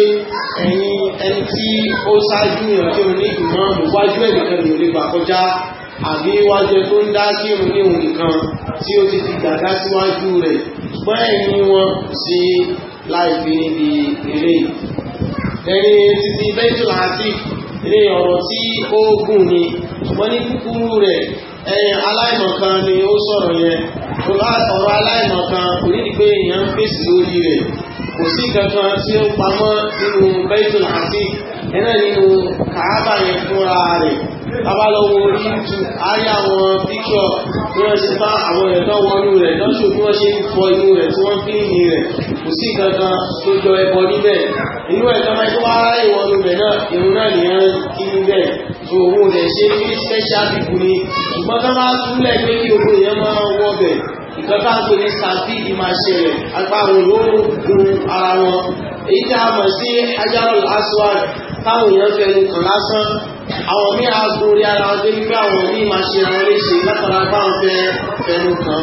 ẹ̀yin ẹni tí ó ṣáájú ìrànkírun ní ìmọ̀ wájú ẹ̀nìkan lè gbà kọjá àbí wájẹ tó ń dá sí òun ní òun nìkan tí ó ti ti dàdá síwájú rẹ̀ pẹ́ẹ̀ ní wọn sí láìfi níbi eré ẹni títí bẹ́jùlá àti ilé ọ̀rọ̀ tí ó gùn ni wọ́n ní kúkúrú rẹ̀ ẹ̀yìn aláìmọ̀kan ni ó sọ̀rọ̀ yẹn ọ̀rọ̀ aláìmọ̀kan kò ní pé èèyàn fèsì lórí rẹ̀ kò sí kankan tí ó pamọ́ nínú bẹ́jùlá àti ẹ̀nà nínú abálọ́wọ́ YouTube ayé àwọn píkọ̀ tí wọ́n ṣe bá àwọn èèyàn tán wọnú rẹ̀ lọ́ṣù bí wọ́n ṣe ń fọ inú rẹ̀ tí wọ́n fíìmì rẹ̀ kò sí kankan tó jọ ẹbọ níbẹ̀ inú ẹ̀ tán máa tó wá ìwọnú rẹ̀ náà irun náà nìyẹn kí níbẹ̀ tó owó rẹ̀ ṣe ní special people ni ṣùgbọ́n tán máa túlẹ̀ pé kí owó yẹn máa wọ́ bẹ̀ nǹkan tá à ń pè ní sàbí ìmáṣẹ̀lẹ̀ agbáwo ló ń gun ara wọn èyí tá a mọ̀ sí hajarul aswad táwọn èèyàn fẹnu kàn lásán àwọn mí agbórí ara wọn dé wípé àwọn mí máa ṣe àwọn léṣe látara báwọn fẹ fẹnu kàn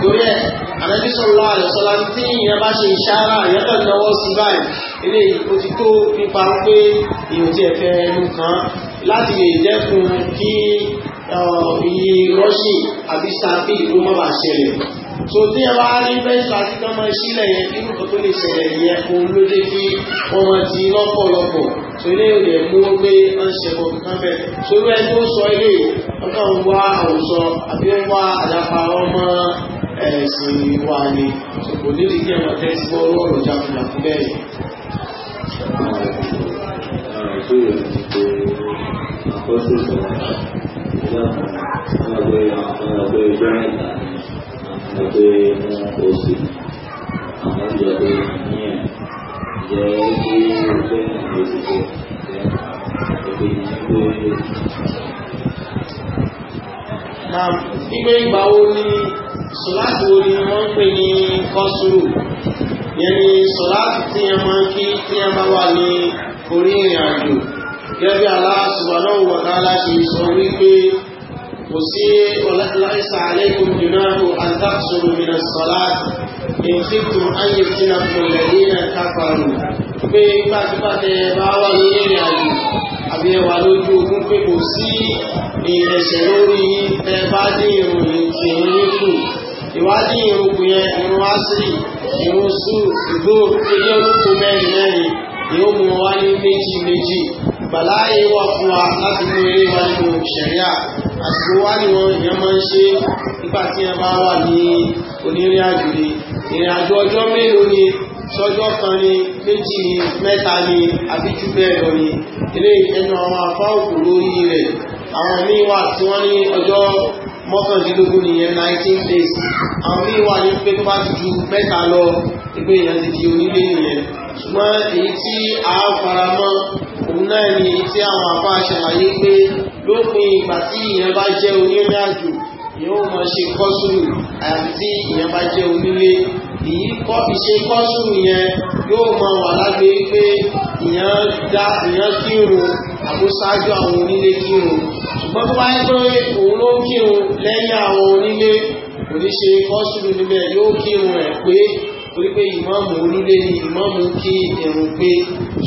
torí ẹ àmẹ́bí sọ̀rọ̀ àlọ́sọ́lá tí ìyẹn bá ṣe ìṣára ìyẹn pẹ̀lú náwó sí báyìí ilé ìkó ti tó nípa pé èèyàn ti ẹ̀fẹ́ ẹnu kan láti lè dẹ́kun kí iye rọ́ṣì àbí stampede ló má bàa ṣẹlẹ̀ so tí ẹ bá rí mẹ́ta tí ká máa sílẹ̀ yẹn kí nǹkan tó lè ṣẹlẹ̀ yẹn kó ló dé kí ọmọ ti lọ́pọ̀lọpọ̀ so ilé ìrìn mú ó gbé ọ̀ṣẹ̀bọ̀ káfẹ́ so ilé tó sọ ilé ọkọ̀ ń wá àwùsọ àbí ń wá àdápa ọmọ ẹ̀sìn wa ni so kò nídìí kí ẹmọ tẹ́ sí bọ́ọ̀rọ̀ ọ̀rọ̀ jáfùlà fún bẹ́ẹ̀ Thank you pé ó sì àwọn ìjọ pé ní ẹ̀ jẹ́ pé ó jẹ́ ìgbésíkò jẹ́ pé ní pé na wípé ìgbà wo ni sọláàtì wo ni wọ́n ń pè ní kọ́sùrù yẹn ni sọláàtì tí ẹ máa ń kí tí ẹ máa wà ní orí ìrìn àjò gẹ́gẹ́ bí Allah subhanahu wa ta'ala sọ wípé kò sí ọlọ́láìsà alaykum junahu an taqsuru min as-salat in khiftum an yaftinakum alladhina kafaru pé gbàtígbàtẹ̀ bá wà ní ìrìn àjò àbí ẹwà lójú ogun pé kò sí ìrẹsẹ̀ lórí ẹ bá dín ìròyìn tí ń níkù ìwádìí bàláyé wà fún wa láti mú eré wa nínú ṣẹ̀ríà àsìkò wá ní wọn èèyàn máa ń ṣe nígbà tí ẹ bá wà ní onírìn àjò ni ìrìn àjò ọjọ́ mélòó ni sọ́jọ́ kan ni méjì ni mẹ́ta ni àbí jù bẹ́ẹ̀ lọ ni eré ẹnu àwọn afá òkú lórí rẹ̀ àwọn míì wà tí wọ́n ní ọjọ́ mọ́kàndínlógún nìyẹn 19 days àwọn míì wà ní pé bá ti ju mẹ́ta lọ ìgbé ti di onílé nìyẹn ṣùgbọ́n èyí tí a faramọ́ náà ni tí àwọn àpá ṣàlàyé pé lópin ìgbà tí ìyẹn bá jẹ́ onírìn àjò yóò mọ̀ ṣe kọ́sùrù àyàfi tí ìyẹn bá jẹ́ onílé èyí kọ́ ìṣe kọ́sùrù yẹn yóò mọ̀ wà lágbé pé ìyẹn dá ìyẹn kírun àbúṣáájú àwọn onílé kírun ṣùgbọ́n tó wáyé pé òun ló kírun lẹ́yìn àwọn onílé kò ní ṣe kọ́sùrù níbẹ̀ yóò kírun ẹ̀ pé torí pé ìmáàmù olúlé ni ìmáàmù kí ẹ̀rùn pé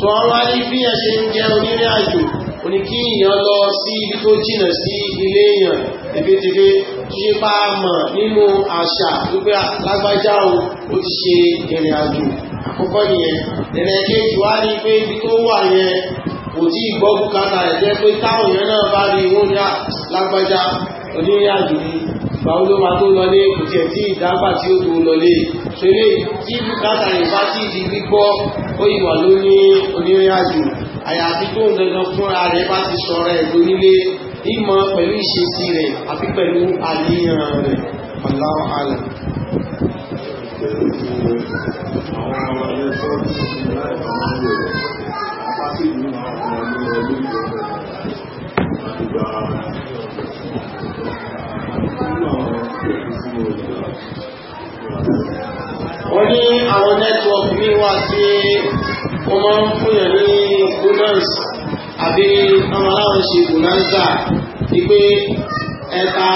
tó wọ́n wá ní bí ẹ ṣe ń jẹ onírìn àjò òní kí èèyàn lọ sí ibi tó jìnà sí ilé èèyàn tẹfẹtẹfẹ tó ṣe bá mọ̀ nínú àṣà wípé lágbájá o ó ti ṣe ìrìn àjò àkọ́kọ́ nìyẹn ẹ̀rẹ̀kejì wá ní pé ibi tó wà báwo ló tó lọlé kò tiẹ̀ tí ìdágbà tí ó tó lọlé ṣeré tí bùkátà ìbá tí ìdí gbígbọ́ ó ìwà ló ní onírìn àjò àyàfi tó ń dandan fúnra rẹ̀ bá ti sọ̀rọ̀ ẹ̀ lónílé ìmọ̀ pẹ̀lú ìṣesí rẹ̀ àti pẹ̀lú àníyàn rẹ̀ Allahu alam Thank you. wọ́n ní àwọn nẹ́tíwọ́ọ̀kì ní wà tí wọ́n máa ń fúnyàn ní bonance àbí àwọn aláwọ̀ ṣe bonanza ni pé ẹ̀ka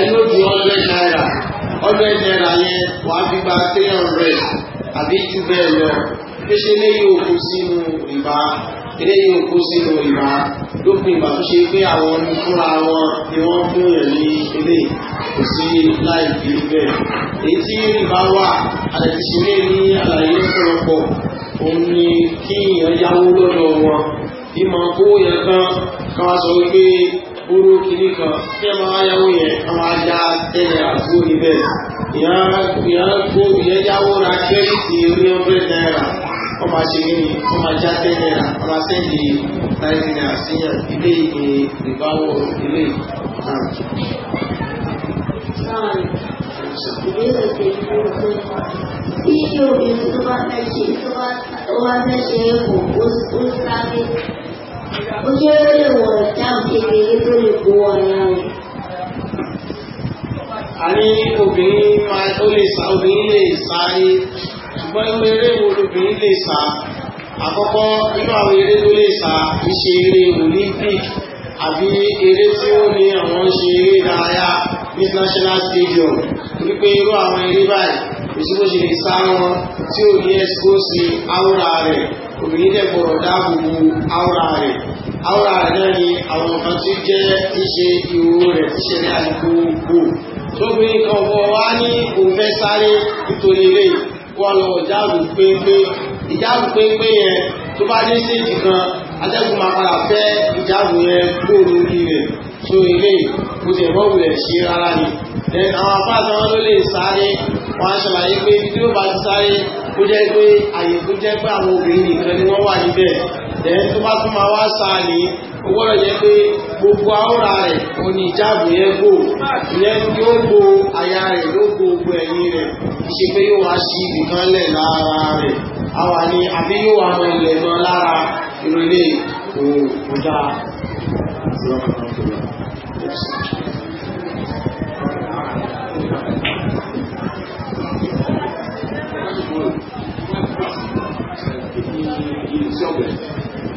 ẹ̀lódì ọ̀dẹ́ náírà ọ̀dẹ́ náírà yẹn wà á fi gba three hundred àbí jù bẹ́ẹ̀ lọ pé ṣe léyìí òkú sínú ìbá eléyìí ń kó sínú ìmá lópin ìgbà tó ṣe pé àwọn fúnra wọn ni wọ́n fún èèyàn ní ilé kò sí láì fi bẹ́ẹ̀ èyí tí ìbá wà àtẹ̀tìṣeré ní àlàyé lọ́pọ̀lọpọ̀ òun ni kí èèyàn yáwó lọ́dọ̀ wọn bí máa kó yẹn tán ká wá sọ wípé oró kìíní kan kí ẹ máa yáwó yẹn ká máa já tẹ́lẹ̀ àbúrò níbẹ̀ ìyá kó ìyẹn yáwó ra kẹ́rìtì orí ọ̀bẹ náírà ó máa ṣe ní ó máa já tẹ́ náírà ó máa sẹ́ndì náírà náírà síyàn ilé ìgbé ìbáwọ̀ ilé ìhàn. Ìbéèrè kejì ló ń pè tí obìnrin tó bá fẹ́ ṣe tó bá fẹ́ ṣe ẹ̀kọ́ ó sáré ó jẹ́ ó lè wọ̀ dáhùn kékeré tó lè bo ọ̀yà rẹ̀. A ní obìnrin máa ó lè sá obìnrin lè sáré ṣùgbọ́n nínú eré wo lobìnrin lè sá àkọ́kọ́ nínú àwọn eré tó lè sá kìí ṣe eré olympic àbí eré tí ó ní àwọn ṣe eré ìdárayá ní national stadium wípé irú àwọn eré báyìí ìṣúgbó ṣe lè sá wọn tí ò ní ẹsikóòsì áwòrà rẹ̀ obìnrin dẹ̀ gbọ́dọ̀ dáàbòbò áwòrà rẹ̀ áwòrà rẹ̀ náà ni àwọn nǹkan tí jẹ́ ṣíṣe ìwò rẹ̀ tí ṣẹlẹ̀ àdúgbò gbò tóbi nǹkan ọ̀pọ̀ wá ní òun fẹ́ sáré nítorí eléyìí wọ́n lọ ìjáàrù pépé ìjáàrù pépé yẹn tó bá dé sí èjì kan atẹ́gùn máa padà fẹ́ ìjáàrù yẹn kúrò lórí rẹ̀ tó ilé kò tẹ̀ wọ́n wulẹ̀ ṣe rárá ni then àwọn afáàtà wọn ló lè sáré wọn á ṣàlàyé pé tí ó bá ti sáré kó jẹ́ pé àyè kó jẹ́ pé àwọn obìnrin nìkan ni wọ́n wà níbẹ̀ tẹ̀yẹ́ tó bá tún máa wá sáà ní owó ọ̀yẹ́ pé gbogbo àwòrán rẹ̀ ò ní ìjáàbù yẹn gbò ìyẹn yóò bo àyà rẹ̀ ló bo gbogbo ẹ̀yìn rẹ̀ ṣe pé yóò wá sí ibìkan lẹ̀ lára rẹ̀ àwa ni àbí yóò wá wọn ilẹ̀ náà lára ìrọ̀lẹ́ òun kò Thank you.